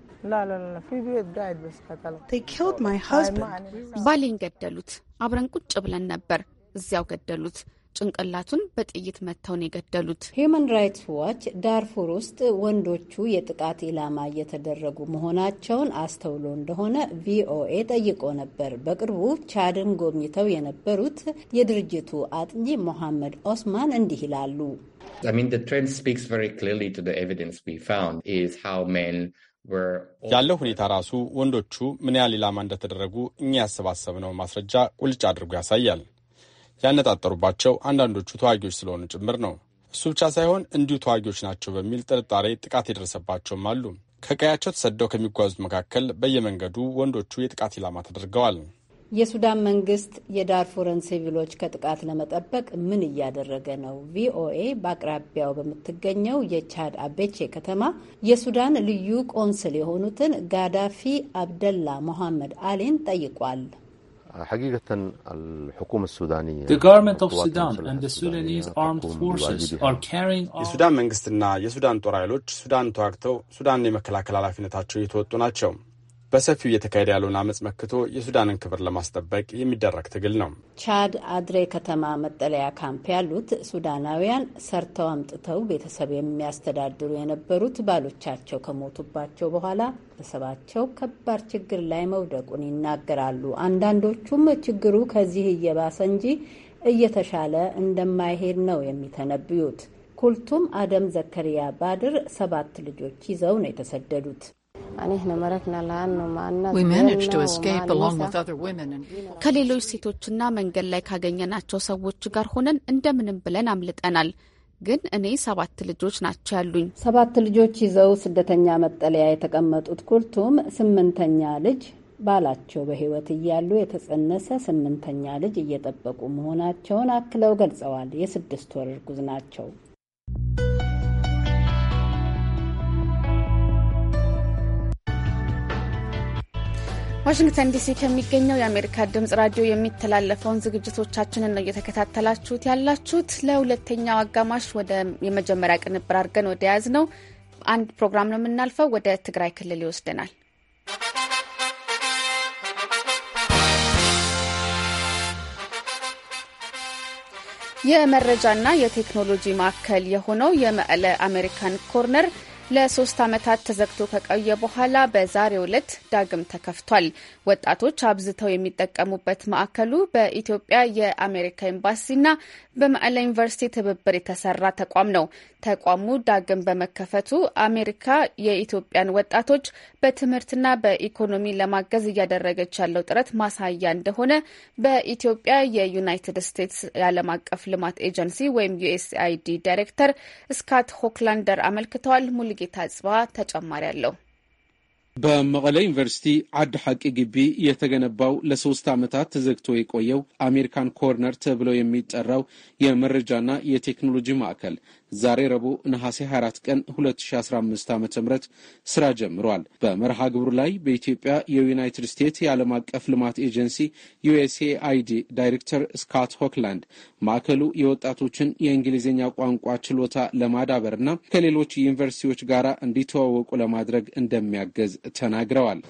ባሌን ገደሉት። አብረን ቁጭ ብለን ነበር፣ እዚያው ገደሉት። ጭንቅላቱን በጥይት መትተውን የገደሉት። ሂዩማን ራይትስ ዋች ዳርፉር ውስጥ ወንዶቹ የጥቃት ኢላማ እየተደረጉ መሆናቸውን አስተውሎ እንደሆነ ቪኦኤ ጠይቆ ነበር። በቅርቡ ቻድን ጎብኝተው የነበሩት የድርጅቱ አጥኚ ሞሐመድ ኦስማን እንዲህ ይላሉ። ያለው ሁኔታ ራሱ ወንዶቹ ምን ያህል ኢላማ እንደተደረጉ እኛ ያሰባሰብነው ማስረጃ ቁልጭ አድርጎ ያሳያል። ያነጣጠሩባቸው አንዳንዶቹ ተዋጊዎች ስለሆኑ ጭምር ነው። እሱ ብቻ ሳይሆን እንዲሁ ተዋጊዎች ናቸው በሚል ጥርጣሬ ጥቃት የደረሰባቸውም አሉ። ከቀያቸው ተሰደው ከሚጓዙት መካከል በየመንገዱ ወንዶቹ የጥቃት ኢላማ ተደርገዋል። የሱዳን መንግስት የዳርፉርን ሲቪሎች ከጥቃት ለመጠበቅ ምን እያደረገ ነው? ቪኦኤ በአቅራቢያው በምትገኘው የቻድ አቤቼ ከተማ የሱዳን ልዩ ቆንስል የሆኑትን ጋዳፊ አብደላ ሞሐመድ አሊን ጠይቋል። The government of Sudan and the Sudanese armed forces are carrying on. የሱዳን መንግስትና የሱዳን ጦር ኃይሎች ሱዳን ተዋግተው ሱዳንን የመከላከል ኃላፊነታቸው የተወጡ ናቸው። በሰፊው እየተካሄደ ያለውን አመፅ መክቶ የሱዳንን ክብር ለማስጠበቅ የሚደረግ ትግል ነው። ቻድ አድሬ ከተማ መጠለያ ካምፕ ያሉት ሱዳናውያን ሰርተው አምጥተው ቤተሰብ የሚያስተዳድሩ የነበሩት ባሎቻቸው ከሞቱባቸው በኋላ ቤተሰባቸው ከባድ ችግር ላይ መውደቁን ይናገራሉ። አንዳንዶቹም ችግሩ ከዚህ እየባሰ እንጂ እየተሻለ እንደማይሄድ ነው የሚተነብዩት። ኩልቱም አደም ዘከሪያ ባድር ሰባት ልጆች ይዘው ነው የተሰደዱት። ከሌሎች ሴቶችና መንገድ ላይ ካገኘናቸው ሰዎች ጋር ሆነን እንደምንም ብለን አምልጠናል። ግን እኔ ሰባት ልጆች ናቸው ያሉኝ። ሰባት ልጆች ይዘው ስደተኛ መጠለያ የተቀመጡት ኩርቱም ስምንተኛ ልጅ ባላቸው በሕይወት እያሉ የተጸነሰ ስምንተኛ ልጅ እየጠበቁ መሆናቸውን አክለው ገልጸዋል። የስድስት ወር እርጉዝ ናቸው። ዋሽንግተን ዲሲ ከሚገኘው የአሜሪካ ድምጽ ራዲዮ የሚተላለፈውን ዝግጅቶቻችንን ነው እየተከታተላችሁት ያላችሁት። ለሁለተኛው አጋማሽ ወደ የመጀመሪያ ቅንብር አድርገን ወደ ያዝ ነው አንድ ፕሮግራም ነው የምናልፈው። ወደ ትግራይ ክልል ይወስደናል። የመረጃና የቴክኖሎጂ ማዕከል የሆነው የመቀለ አሜሪካን ኮርነር ለሶስት ዓመታት ተዘግቶ ከቆየ በኋላ በዛሬው ዕለት ዳግም ተከፍቷል። ወጣቶች አብዝተው የሚጠቀሙበት ማዕከሉ በኢትዮጵያ የአሜሪካ ኤምባሲና በመቀለ ዩኒቨርሲቲ ትብብር የተሰራ ተቋም ነው። ተቋሙ ዳግም በመከፈቱ አሜሪካ የኢትዮጵያን ወጣቶች በትምህርትና በኢኮኖሚ ለማገዝ እያደረገች ያለው ጥረት ማሳያ እንደሆነ በኢትዮጵያ የዩናይትድ ስቴትስ የዓለም አቀፍ ልማት ኤጀንሲ ወይም ዩኤስአይዲ ዳይሬክተር ስካት ሆክላንደር አመልክተዋል። ሙልጌታ ጽባ ተጨማሪ አለው። በመቀለ ዩኒቨርሲቲ አድ ሐቂ ግቢ የተገነባው ለሶስት ዓመታት ተዘግቶ የቆየው አሜሪካን ኮርነር ተብሎ የሚጠራው የመረጃና የቴክኖሎጂ ማዕከል ዛሬ ረቡዕ ነሐሴ 24 ቀን 2015 ዓ ም ስራ ጀምሯል። በመርሃ ግብሩ ላይ በኢትዮጵያ የዩናይትድ ስቴትስ የዓለም አቀፍ ልማት ኤጀንሲ ዩኤስኤ አይዲ ዳይሬክተር ስካት ሆክላንድ ማዕከሉ የወጣቶችን የእንግሊዝኛ ቋንቋ ችሎታ ለማዳበርና ከሌሎች ዩኒቨርሲቲዎች ጋር እንዲተዋወቁ ለማድረግ እንደሚያገዝ ተናግረዋል።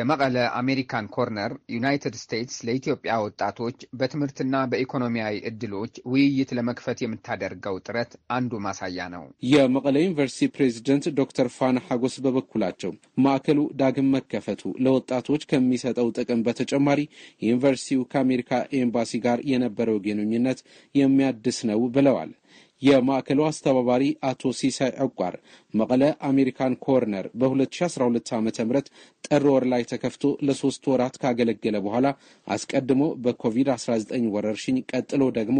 የመቀለ አሜሪካን ኮርነር ዩናይትድ ስቴትስ ለኢትዮጵያ ወጣቶች በትምህርትና በኢኮኖሚያ ሙያዊ እድሎች ውይይት ለመክፈት የምታደርገው ጥረት አንዱ ማሳያ ነው። የመቀለ ዩኒቨርሲቲ ፕሬዚደንት ዶክተር ፋና ሐጎስ በበኩላቸው ማዕከሉ ዳግም መከፈቱ ለወጣቶች ከሚሰጠው ጥቅም በተጨማሪ ዩኒቨርሲቲው ከአሜሪካ ኤምባሲ ጋር የነበረው ግንኙነት የሚያድስ ነው ብለዋል። የማዕከሉ አስተባባሪ አቶ ሲሳይ ዕቋር መቀለ አሜሪካን ኮርነር በ2012 ዓ ም ጥር ወር ላይ ተከፍቶ ለሶስት ወራት ካገለገለ በኋላ አስቀድሞ በኮቪድ-19 ወረርሽኝ ቀጥሎ ደግሞ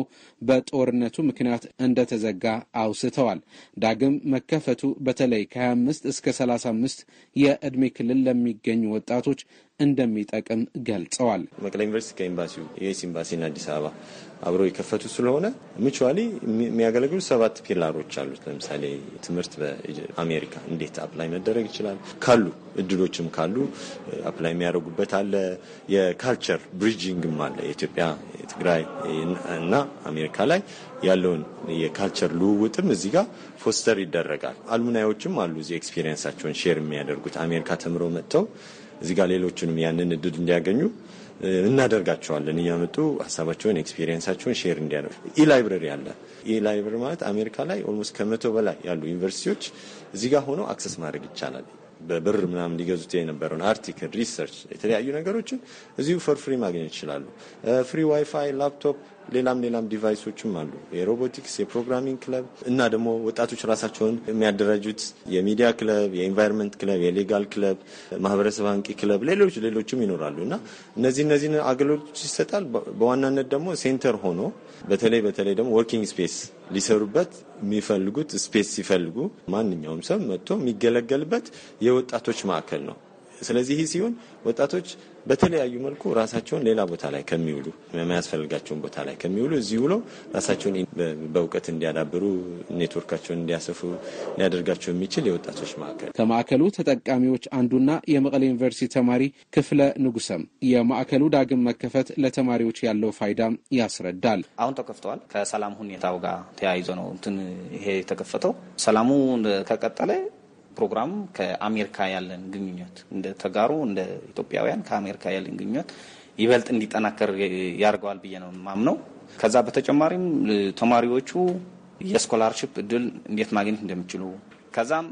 በጦርነቱ ምክንያት እንደተዘጋ አውስተዋል። ዳግም መከፈቱ በተለይ ከ25 እስከ 35 የዕድሜ ክልል ለሚገኙ ወጣቶች እንደሚጠቅም ገልጸዋል። መቀሌ ዩኒቨርሲቲ ከኤምባሲው የዩኤስ ኤምባሲና አዲስ አበባ አብሮ የከፈቱ ስለሆነ ምቹዋሊ የሚያገለግሉ ሰባት ፒላሮች አሉት። ለምሳሌ ትምህርት በአሜሪካ እንዴት አፕላይ መደረግ ይችላል ካሉ እድሎችም ካሉ አፕላይ የሚያደርጉበት አለ። የካልቸር ብሪጅንግም አለ። የኢትዮጵያ ትግራይ እና አሜሪካ ላይ ያለውን የካልቸር ልውውጥም እዚህ ጋር ፎስተር ይደረጋል። አልሙናዮችም አሉ እዚህ ኤክስፒሪየንሳቸውን ሼር የሚያደርጉት አሜሪካ ተምረው መጥተው እዚህ ጋር ሌሎችንም ያንን እድል እንዲያገኙ እናደርጋቸዋለን እያመጡ ሀሳባቸውን ኤክስፒሪየንሳቸውን ሼር እንዲያደርጉ ኢላይብረሪ አለ። ኢላይብረሪ ማለት አሜሪካ ላይ ኦልሞስት ከመቶ በላይ ያሉ ዩኒቨርሲቲዎች እዚህ ጋር ሆነው አክሰስ ማድረግ ይቻላል። በብር ምናምን ሊገዙት የነበረውን አርቲክል፣ ሪሰርች፣ የተለያዩ ነገሮችን እዚሁ ፈር ፍሪ ማግኘት ይችላሉ። ፍሪ ዋይፋይ፣ ላፕቶፕ ሌላም ሌላም ዲቫይሶችም አሉ። የሮቦቲክስ የፕሮግራሚንግ ክለብ እና ደግሞ ወጣቶች ራሳቸውን የሚያደራጁት የሚዲያ ክለብ፣ የኢንቫይርመንት ክለብ፣ የሌጋል ክለብ፣ ማህበረሰብ አንቂ ክለብ፣ ሌሎች ሌሎችም ይኖራሉ እና እነዚህ እነዚህን አገልግሎቶች ይሰጣል። በዋናነት ደግሞ ሴንተር ሆኖ በተለይ በተለይ ደግሞ ወርኪንግ ስፔስ ሊሰሩበት የሚፈልጉት ስፔስ ሲፈልጉ ማንኛውም ሰው መጥቶ የሚገለገልበት የወጣቶች ማዕከል ነው። ስለዚህ ይህ ሲሆን ወጣቶች በተለያዩ መልኩ ራሳቸውን ሌላ ቦታ ላይ ከሚውሉ የማያስፈልጋቸውን ቦታ ላይ ከሚውሉ እዚህ ውለው ራሳቸውን በእውቀት እንዲያዳብሩ ኔትወርካቸውን እንዲያሰፉ ሊያደርጋቸው የሚችል የወጣቶች ማዕከል። ከማዕከሉ ተጠቃሚዎች አንዱና የመቀሌ ዩኒቨርሲቲ ተማሪ ክፍለ ንጉሰም የማዕከሉ ዳግም መከፈት ለተማሪዎች ያለው ፋይዳ ያስረዳል። አሁን ተከፍተዋል። ከሰላም ሁኔታው ጋር ተያይዞ ነው እንትን ይሄ የተከፈተው። ሰላሙ ከቀጠለ ፕሮግራሙ ከአሜሪካ ያለን ግንኙነት እንደ ተጋሩ እንደ ኢትዮጵያውያን ከአሜሪካ ያለን ግንኙነት ይበልጥ እንዲጠናከር ያደርገዋል ብዬ ነው ማምነው። ከዛ በተጨማሪም ተማሪዎቹ የስኮላርሽፕ እድል እንዴት ማግኘት እንደሚችሉ ከዛም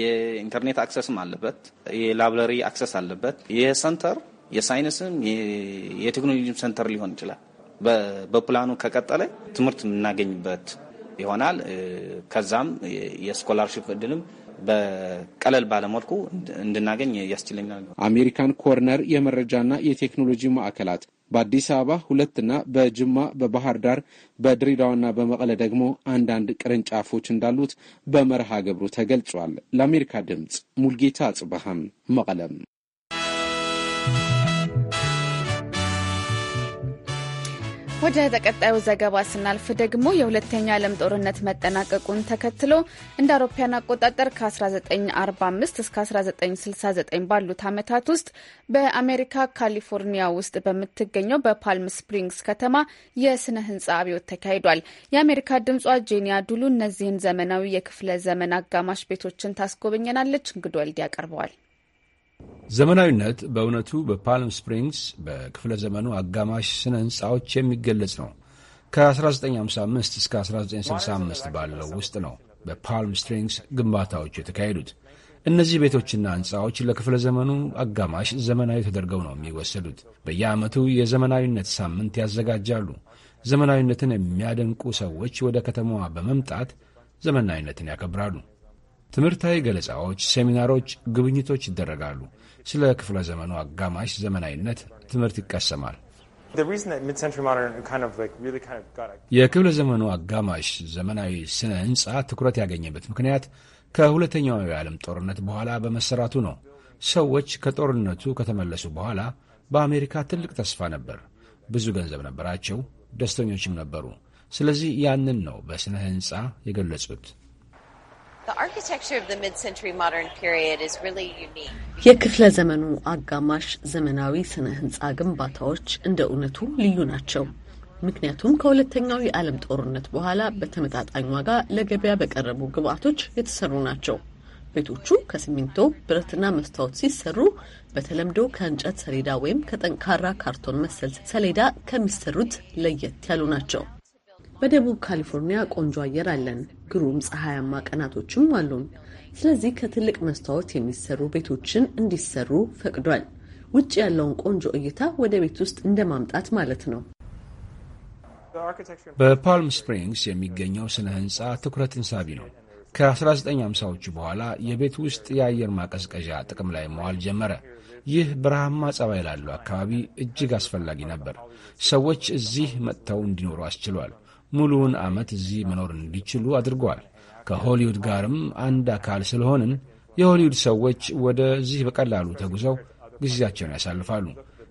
የኢንተርኔት አክሰስም አለበት፣ የላይብረሪ አክሰስ አለበት። ይህ ሰንተር የሳይንስም የቴክኖሎጂም ሰንተር ሊሆን ይችላል። በፕላኑ ከቀጠለ ትምህርት የምናገኝበት ይሆናል። ከዛም የስኮላርሽፕ እድልም በቀለል ባለመልኩ እንድናገኝ ያስችለኛል። አሜሪካን ኮርነር የመረጃና የቴክኖሎጂ ማዕከላት በአዲስ አበባ ሁለትና በጅማ በባህር ዳር በድሬዳዋና በመቀለ ደግሞ አንዳንድ ቅርንጫፎች እንዳሉት በመርሃ ግብሩ ተገልጿል። ለአሜሪካ ድምፅ ሙልጌታ አጽበሃም መቀለም ወደ ተቀጣዩ ዘገባ ስናልፍ ደግሞ የሁለተኛ ዓለም ጦርነት መጠናቀቁን ተከትሎ እንደ አውሮፓያን አቆጣጠር ከ1945 እስከ 1969 ባሉት ዓመታት ውስጥ በአሜሪካ ካሊፎርኒያ ውስጥ በምትገኘው በፓልም ስፕሪንግስ ከተማ የስነ ህንፃ አብዮት ተካሂዷል። የአሜሪካ ድምጿ ጄኒያ ዱሉ እነዚህን ዘመናዊ የክፍለ ዘመን አጋማሽ ቤቶችን ታስጎበኘናለች። እንግዶ ወልድ ያቀርበዋል። ዘመናዊነት በእውነቱ በፓልም ስፕሪንግስ በክፍለ ዘመኑ አጋማሽ ስነ ህንፃዎች የሚገለጽ ነው። ከ1955 እስከ 1965 ባለው ውስጥ ነው በፓልም ስፕሪንግስ ግንባታዎቹ የተካሄዱት። እነዚህ ቤቶችና ህንፃዎች ለክፍለ ዘመኑ አጋማሽ ዘመናዊ ተደርገው ነው የሚወሰዱት። በየዓመቱ የዘመናዊነት ሳምንት ያዘጋጃሉ። ዘመናዊነትን የሚያደንቁ ሰዎች ወደ ከተማዋ በመምጣት ዘመናዊነትን ያከብራሉ። ትምህርታዊ ገለጻዎች፣ ሴሚናሮች፣ ጉብኝቶች ይደረጋሉ። ስለ ክፍለ ዘመኑ አጋማሽ ዘመናዊነት ትምህርት ይቀሰማል። የክፍለ ዘመኑ አጋማሽ ዘመናዊ ስነ ህንፃ ትኩረት ያገኘበት ምክንያት ከሁለተኛው የዓለም ጦርነት በኋላ በመሰራቱ ነው። ሰዎች ከጦርነቱ ከተመለሱ በኋላ በአሜሪካ ትልቅ ተስፋ ነበር። ብዙ ገንዘብ ነበራቸው፣ ደስተኞችም ነበሩ። ስለዚህ ያንን ነው በሥነ ሕንፃ የገለጹት። የክፍለ ዘመኑ አጋማሽ ዘመናዊ ስነ ህንፃ ግንባታዎች እንደ እውነቱ ልዩ ናቸው። ምክንያቱም ከሁለተኛው የዓለም ጦርነት በኋላ በተመጣጣኝ ዋጋ ለገበያ በቀረቡ ግብዓቶች የተሰሩ ናቸው። ቤቶቹ ከሲሚንቶ ብረትና መስታወት ሲሰሩ በተለምዶ ከእንጨት ሰሌዳ ወይም ከጠንካራ ካርቶን መሰል ሰሌዳ ከሚሰሩት ለየት ያሉ ናቸው። በደቡብ ካሊፎርኒያ ቆንጆ አየር አለን። ግሩም ፀሐያማ ቀናቶችም አሉን። ስለዚህ ከትልቅ መስታወት የሚሰሩ ቤቶችን እንዲሰሩ ፈቅዷል። ውጭ ያለውን ቆንጆ እይታ ወደ ቤት ውስጥ እንደ ማምጣት ማለት ነው። በፓልም ስፕሪንግስ የሚገኘው ስነ ህንፃ ትኩረትን ሳቢ ነው። ከ1950ዎቹ በኋላ የቤት ውስጥ የአየር ማቀዝቀዣ ጥቅም ላይ መዋል ጀመረ። ይህ በረሃማ ጸባይ ላለው አካባቢ እጅግ አስፈላጊ ነበር። ሰዎች እዚህ መጥተው እንዲኖሩ አስችሏል። ሙሉውን ዓመት እዚህ መኖር እንዲችሉ አድርጓል። ከሆሊውድ ጋርም አንድ አካል ስለሆንን የሆሊውድ ሰዎች ወደዚህ በቀላሉ ተጉዘው ጊዜያቸውን ያሳልፋሉ።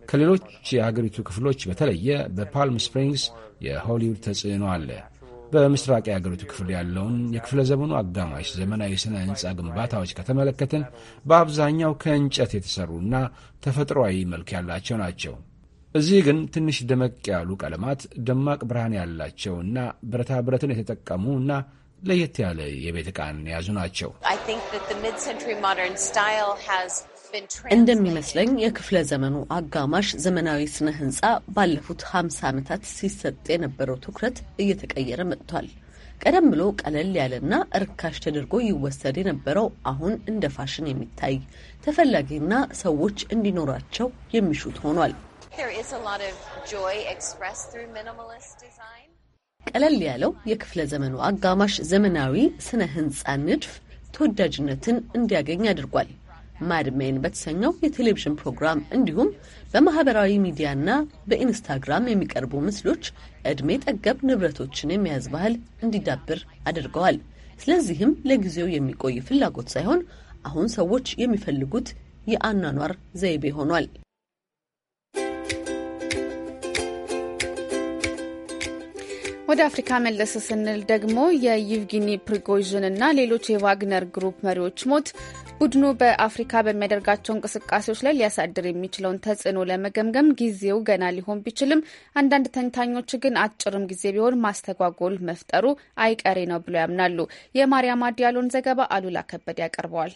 ከሌሎች የአገሪቱ ክፍሎች በተለየ በፓልም ስፕሪንግስ የሆሊውድ ተጽዕኖ አለ። በምስራቅ የአገሪቱ ክፍል ያለውን የክፍለ ዘመኑ አጋማሽ ዘመናዊ ሥነ ሕንፃ ግንባታዎች ከተመለከትን በአብዛኛው ከእንጨት የተሠሩና ተፈጥሯዊ መልክ ያላቸው ናቸው። እዚህ ግን ትንሽ ደመቅ ያሉ ቀለማት፣ ደማቅ ብርሃን ያላቸውና ብረታ ብረትን የተጠቀሙ እና ለየት ያለ የቤት ዕቃን የያዙ ናቸው። እንደሚመስለኝ የክፍለ ዘመኑ አጋማሽ ዘመናዊ ስነ ህንፃ ባለፉት 50 ዓመታት ሲሰጥ የነበረው ትኩረት እየተቀየረ መጥቷል። ቀደም ብሎ ቀለል ያለና ርካሽ ተደርጎ ይወሰድ የነበረው አሁን እንደ ፋሽን የሚታይ ተፈላጊና ሰዎች እንዲኖራቸው የሚሹት ሆኗል። ቀለል ያለው የክፍለ ዘመኑ አጋማሽ ዘመናዊ ስነ ህንፃ ንድፍ ተወዳጅነትን እንዲያገኝ አድርጓል። ማድሜን በተሰኘው የቴሌቪዥን ፕሮግራም እንዲሁም በማህበራዊ ሚዲያና በኢንስታግራም የሚቀርቡ ምስሎች እድሜ ጠገብ ንብረቶችን የመያዝ ባህል እንዲዳብር አድርገዋል። ስለዚህም ለጊዜው የሚቆይ ፍላጎት ሳይሆን አሁን ሰዎች የሚፈልጉት የአኗኗር ዘይቤ ሆኗል። ወደ አፍሪካ መለስ ስንል ደግሞ የዩቭጊኒ ና ሌሎች የቫግነር ግሩፕ መሪዎች ሞት ቡድኑ በአፍሪካ በሚያደርጋቸው እንቅስቃሴዎች ላይ ሊያሳድር የሚችለውን ተጽዕኖ ለመገምገም ጊዜው ገና ሊሆን ቢችልም አንዳንድ ተንታኞች ግን አጭርም ጊዜ ቢሆን ማስተጓጎል መፍጠሩ አይቀሬ ነው ብለው ያምናሉ። የማርያም አዲያሎን ዘገባ አሉላ ከበድ ያቀርበዋል።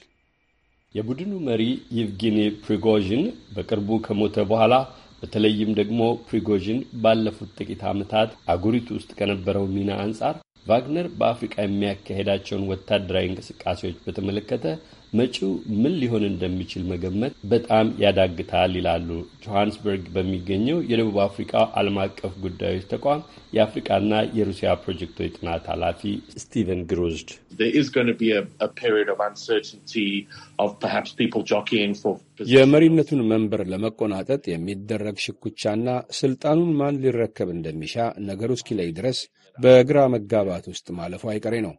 የቡድኑ መሪ ይቭጊኒ ፕሪጎዥን በቅርቡ ከሞተ በኋላ በተለይም ደግሞ ፕሪጎዥን ባለፉት ጥቂት ዓመታት አጉሪት ውስጥ ከነበረው ሚና አንጻር ቫግነር በአፍሪቃ የሚያካሄዳቸውን ወታደራዊ እንቅስቃሴዎች በተመለከተ መጪው ምን ሊሆን እንደሚችል መገመት በጣም ያዳግታል ይላሉ ጆሃንስበርግ በሚገኘው የደቡብ አፍሪካ ዓለም አቀፍ ጉዳዮች ተቋም የአፍሪቃና የሩሲያ ፕሮጀክቶች ጥናት ኃላፊ ስቲቨን ግሮዝድ። የመሪነቱን መንበር ለመቆናጠጥ የሚደረግ ሽኩቻና ስልጣኑን ማን ሊረከብ እንደሚሻ ነገሩ እስኪለይ ድረስ በግራ መጋባት ውስጥ ማለፉ አይቀሬ ነው።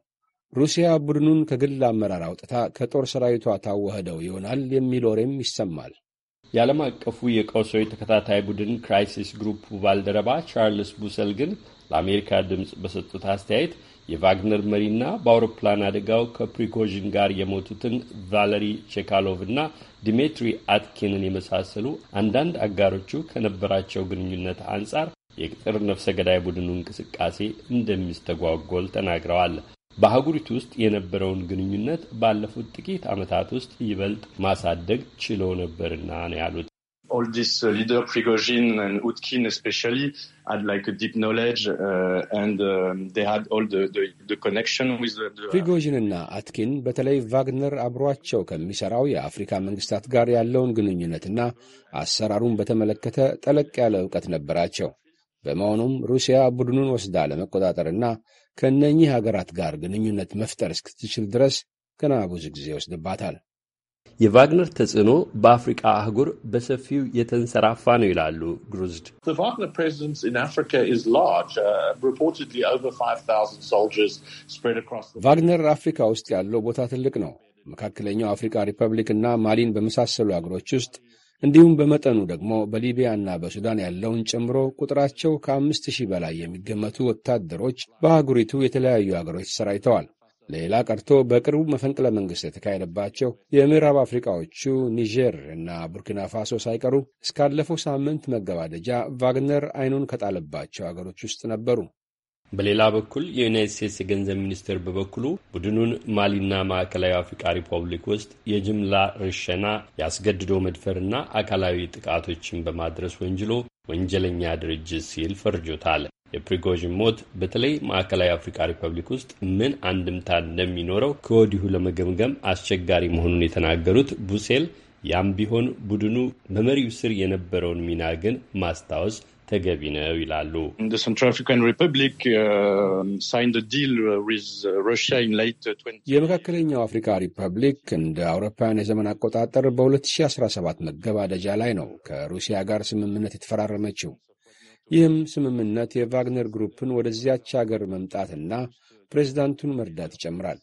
ሩሲያ ቡድኑን ከግል አመራር አውጥታ ከጦር ሰራዊቷ ታዋህደው ይሆናል የሚል ወሬም ይሰማል። የዓለም አቀፉ የቀውሶች ተከታታይ ቡድን ክራይሲስ ግሩፕ ባልደረባ ቻርልስ ቡሰል ግን ለአሜሪካ ድምፅ በሰጡት አስተያየት የቫግነር መሪና በአውሮፕላን አደጋው ከፕሪኮዥን ጋር የሞቱትን ቫለሪ ቼካሎቭ እና ዲሜትሪ አትኪንን የመሳሰሉ አንዳንድ አጋሮቹ ከነበራቸው ግንኙነት አንጻር የቅጥር ነፍሰ ገዳይ ቡድኑ እንቅስቃሴ እንደሚስተጓጎል ተናግረዋል። በአህጉሪቱ ውስጥ የነበረውን ግንኙነት ባለፉት ጥቂት ዓመታት ውስጥ ይበልጥ ማሳደግ ችሎ ነበርና ነው ያሉት። all this uh, leader Prigozhin and Utkin especially had like a deep knowledge uh, and um, they had all the, the, the connection with the... the... ፕሪጎዥንና አትኪን በተለይ ቫግነር አብሯቸው ከሚሰራው የአፍሪካ መንግስታት ጋር ያለውን ግንኙነትና አሰራሩን በተመለከተ ጠለቅ ያለ እውቀት ነበራቸው። በመሆኑም ሩሲያ ቡድኑን ወስዳ ለመቆጣጠርና ከእነኚህ ሀገራት ጋር ግንኙነት መፍጠር እስክትችል ድረስ ገና ብዙ ጊዜ ይወስድባታል። የቫግነር ተጽዕኖ በአፍሪቃ አህጉር በሰፊው የተንሰራፋ ነው ይላሉ ግሩዝድ። ቫግነር አፍሪካ uh, ውስጥ ያለው ቦታ ትልቅ ነው። መካከለኛው አፍሪካ ሪፐብሊክ እና ማሊን በመሳሰሉ አገሮች ውስጥ እንዲሁም በመጠኑ ደግሞ በሊቢያ እና በሱዳን ያለውን ጨምሮ ቁጥራቸው ከአምስት ሺህ በላይ የሚገመቱ ወታደሮች በአህጉሪቱ የተለያዩ አገሮች ተሰራይተዋል። ሌላ ቀርቶ በቅርቡ መፈንቅለ መንግሥት የተካሄደባቸው የምዕራብ አፍሪካዎቹ ኒጀር እና ቡርኪና ፋሶ ሳይቀሩ እስካለፈው ሳምንት መገባደጃ ቫግነር አይኑን ከጣለባቸው አገሮች ውስጥ ነበሩ። በሌላ በኩል የዩናይት ስቴትስ የገንዘብ ሚኒስቴር በበኩሉ ቡድኑን ማሊና ማዕከላዊ አፍሪካ ሪፐብሊክ ውስጥ የጅምላ ርሸና፣ የአስገድዶ መድፈርና አካላዊ ጥቃቶችን በማድረስ ወንጅሎ ወንጀለኛ ድርጅት ሲል ፈርጆታል። የፕሪጎዥን ሞት በተለይ ማዕከላዊ አፍሪካ ሪፐብሊክ ውስጥ ምን አንድምታ እንደሚኖረው ከወዲሁ ለመገምገም አስቸጋሪ መሆኑን የተናገሩት ቡሴል ያም ቢሆን ቡድኑ በመሪው ስር የነበረውን ሚና ግን ማስታወስ ተገቢ ነው ይላሉ። uh, uh, uh, የመካከለኛው አፍሪካ ሪፐብሊክ እንደ አውሮፓውያን የዘመን አቆጣጠር በ2017 መገባደጃ ላይ ነው ከሩሲያ ጋር ስምምነት የተፈራረመችው። ይህም ስምምነት የቫግነር ግሩፕን ወደዚያች አገር መምጣትና ፕሬዚዳንቱን መርዳት ይጨምራል።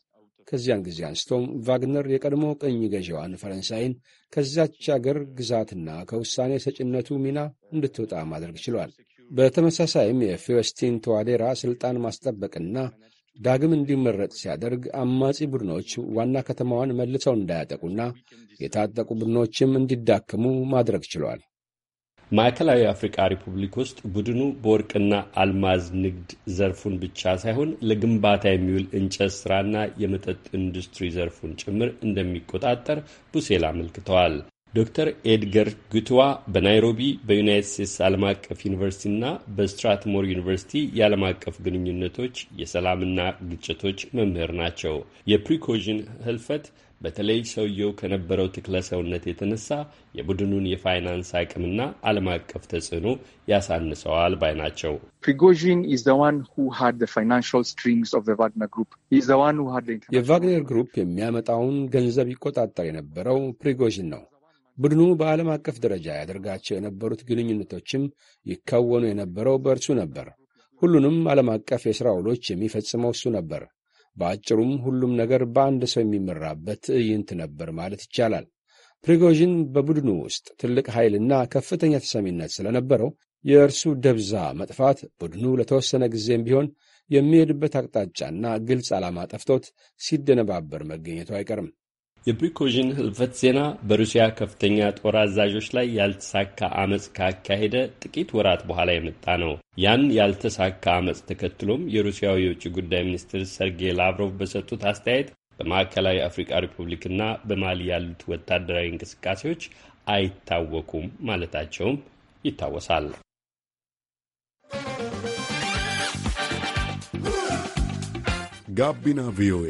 ከዚያን ጊዜ አንስቶም ቫግነር የቀድሞ ቅኝ ገዢዋን ፈረንሳይን ከዚያች አገር ግዛትና ከውሳኔ ሰጭነቱ ሚና እንድትወጣ ማድረግ ችሏል። በተመሳሳይም የፌወስቲን ተዋዴራ ሥልጣን ማስጠበቅና ዳግም እንዲመረጥ ሲያደርግ አማጺ ቡድኖች ዋና ከተማዋን መልሰው እንዳያጠቁና የታጠቁ ቡድኖችም እንዲዳክሙ ማድረግ ችሏል። ማዕከላዊ አፍሪካ ሪፑብሊክ ውስጥ ቡድኑ በወርቅና አልማዝ ንግድ ዘርፉን ብቻ ሳይሆን ለግንባታ የሚውል እንጨት ስራና የመጠጥ ኢንዱስትሪ ዘርፉን ጭምር እንደሚቆጣጠር ቡሴል አመልክተዋል። ዶክተር ኤድገር ጉትዋ በናይሮቢ በዩናይትድ ስቴትስ ዓለም አቀፍ ዩኒቨርሲቲና በስትራትሞር ዩኒቨርሲቲ የዓለም አቀፍ ግንኙነቶች የሰላምና ግጭቶች መምህር ናቸው። የፕሪኮዥን ህልፈት በተለይ ሰውየው ከነበረው ትክለ ሰውነት የተነሳ የቡድኑን የፋይናንስ አቅምና ዓለም አቀፍ ተጽዕኖ ያሳንሰዋል ባይ ናቸው። ፕሪጎዥን የቫግኔር ግሩፕ የሚያመጣውን ገንዘብ ይቆጣጠር የነበረው ፕሪጎዥን ነው። ቡድኑ በዓለም አቀፍ ደረጃ ያደርጋቸው የነበሩት ግንኙነቶችም ይከወኑ የነበረው በእርሱ ነበር። ሁሉንም ዓለም አቀፍ የሥራ ውሎች የሚፈጽመው እሱ ነበር። በአጭሩም ሁሉም ነገር በአንድ ሰው የሚመራበት ትዕይንት ነበር ማለት ይቻላል። ፕሪጎዥን በቡድኑ ውስጥ ትልቅ ኃይልና ከፍተኛ ተሰሚነት ስለነበረው የእርሱ ደብዛ መጥፋት ቡድኑ ለተወሰነ ጊዜም ቢሆን የሚሄድበት አቅጣጫና ግልጽ ዓላማ ጠፍቶት ሲደነባበር መገኘቱ አይቀርም። የፕሪኮዥን ህልፈት ዜና በሩሲያ ከፍተኛ ጦር አዛዦች ላይ ያልተሳካ አመፅ ካካሄደ ጥቂት ወራት በኋላ የመጣ ነው። ያን ያልተሳካ አመፅ ተከትሎም የሩሲያው የውጭ ጉዳይ ሚኒስትር ሰርጌይ ላቭሮቭ በሰጡት አስተያየት በማዕከላዊ አፍሪካ ሪፑብሊክና በማሊ ያሉት ወታደራዊ እንቅስቃሴዎች አይታወቁም ማለታቸውም ይታወሳል። ጋቢና ቪኦኤ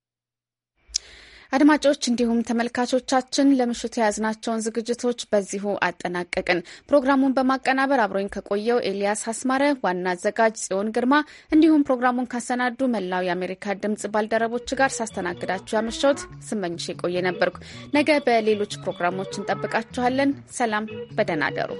አድማጮች እንዲሁም ተመልካቾቻችን ለምሽቱ የያዝናቸውን ዝግጅቶች በዚሁ አጠናቀቅን። ፕሮግራሙን በማቀናበር አብሮኝ ከቆየው ኤልያስ አስማረ፣ ዋና አዘጋጅ ጽዮን ግርማ እንዲሁም ፕሮግራሙን ካሰናዱ መላው የአሜሪካ ድምጽ ባልደረቦች ጋር ሳስተናግዳችሁ ያመሸሁት ስመኝሽ የቆየ ነበርኩ። ነገ በሌሎች ፕሮግራሞች እንጠብቃችኋለን። ሰላም፣ በደህና አደሩ።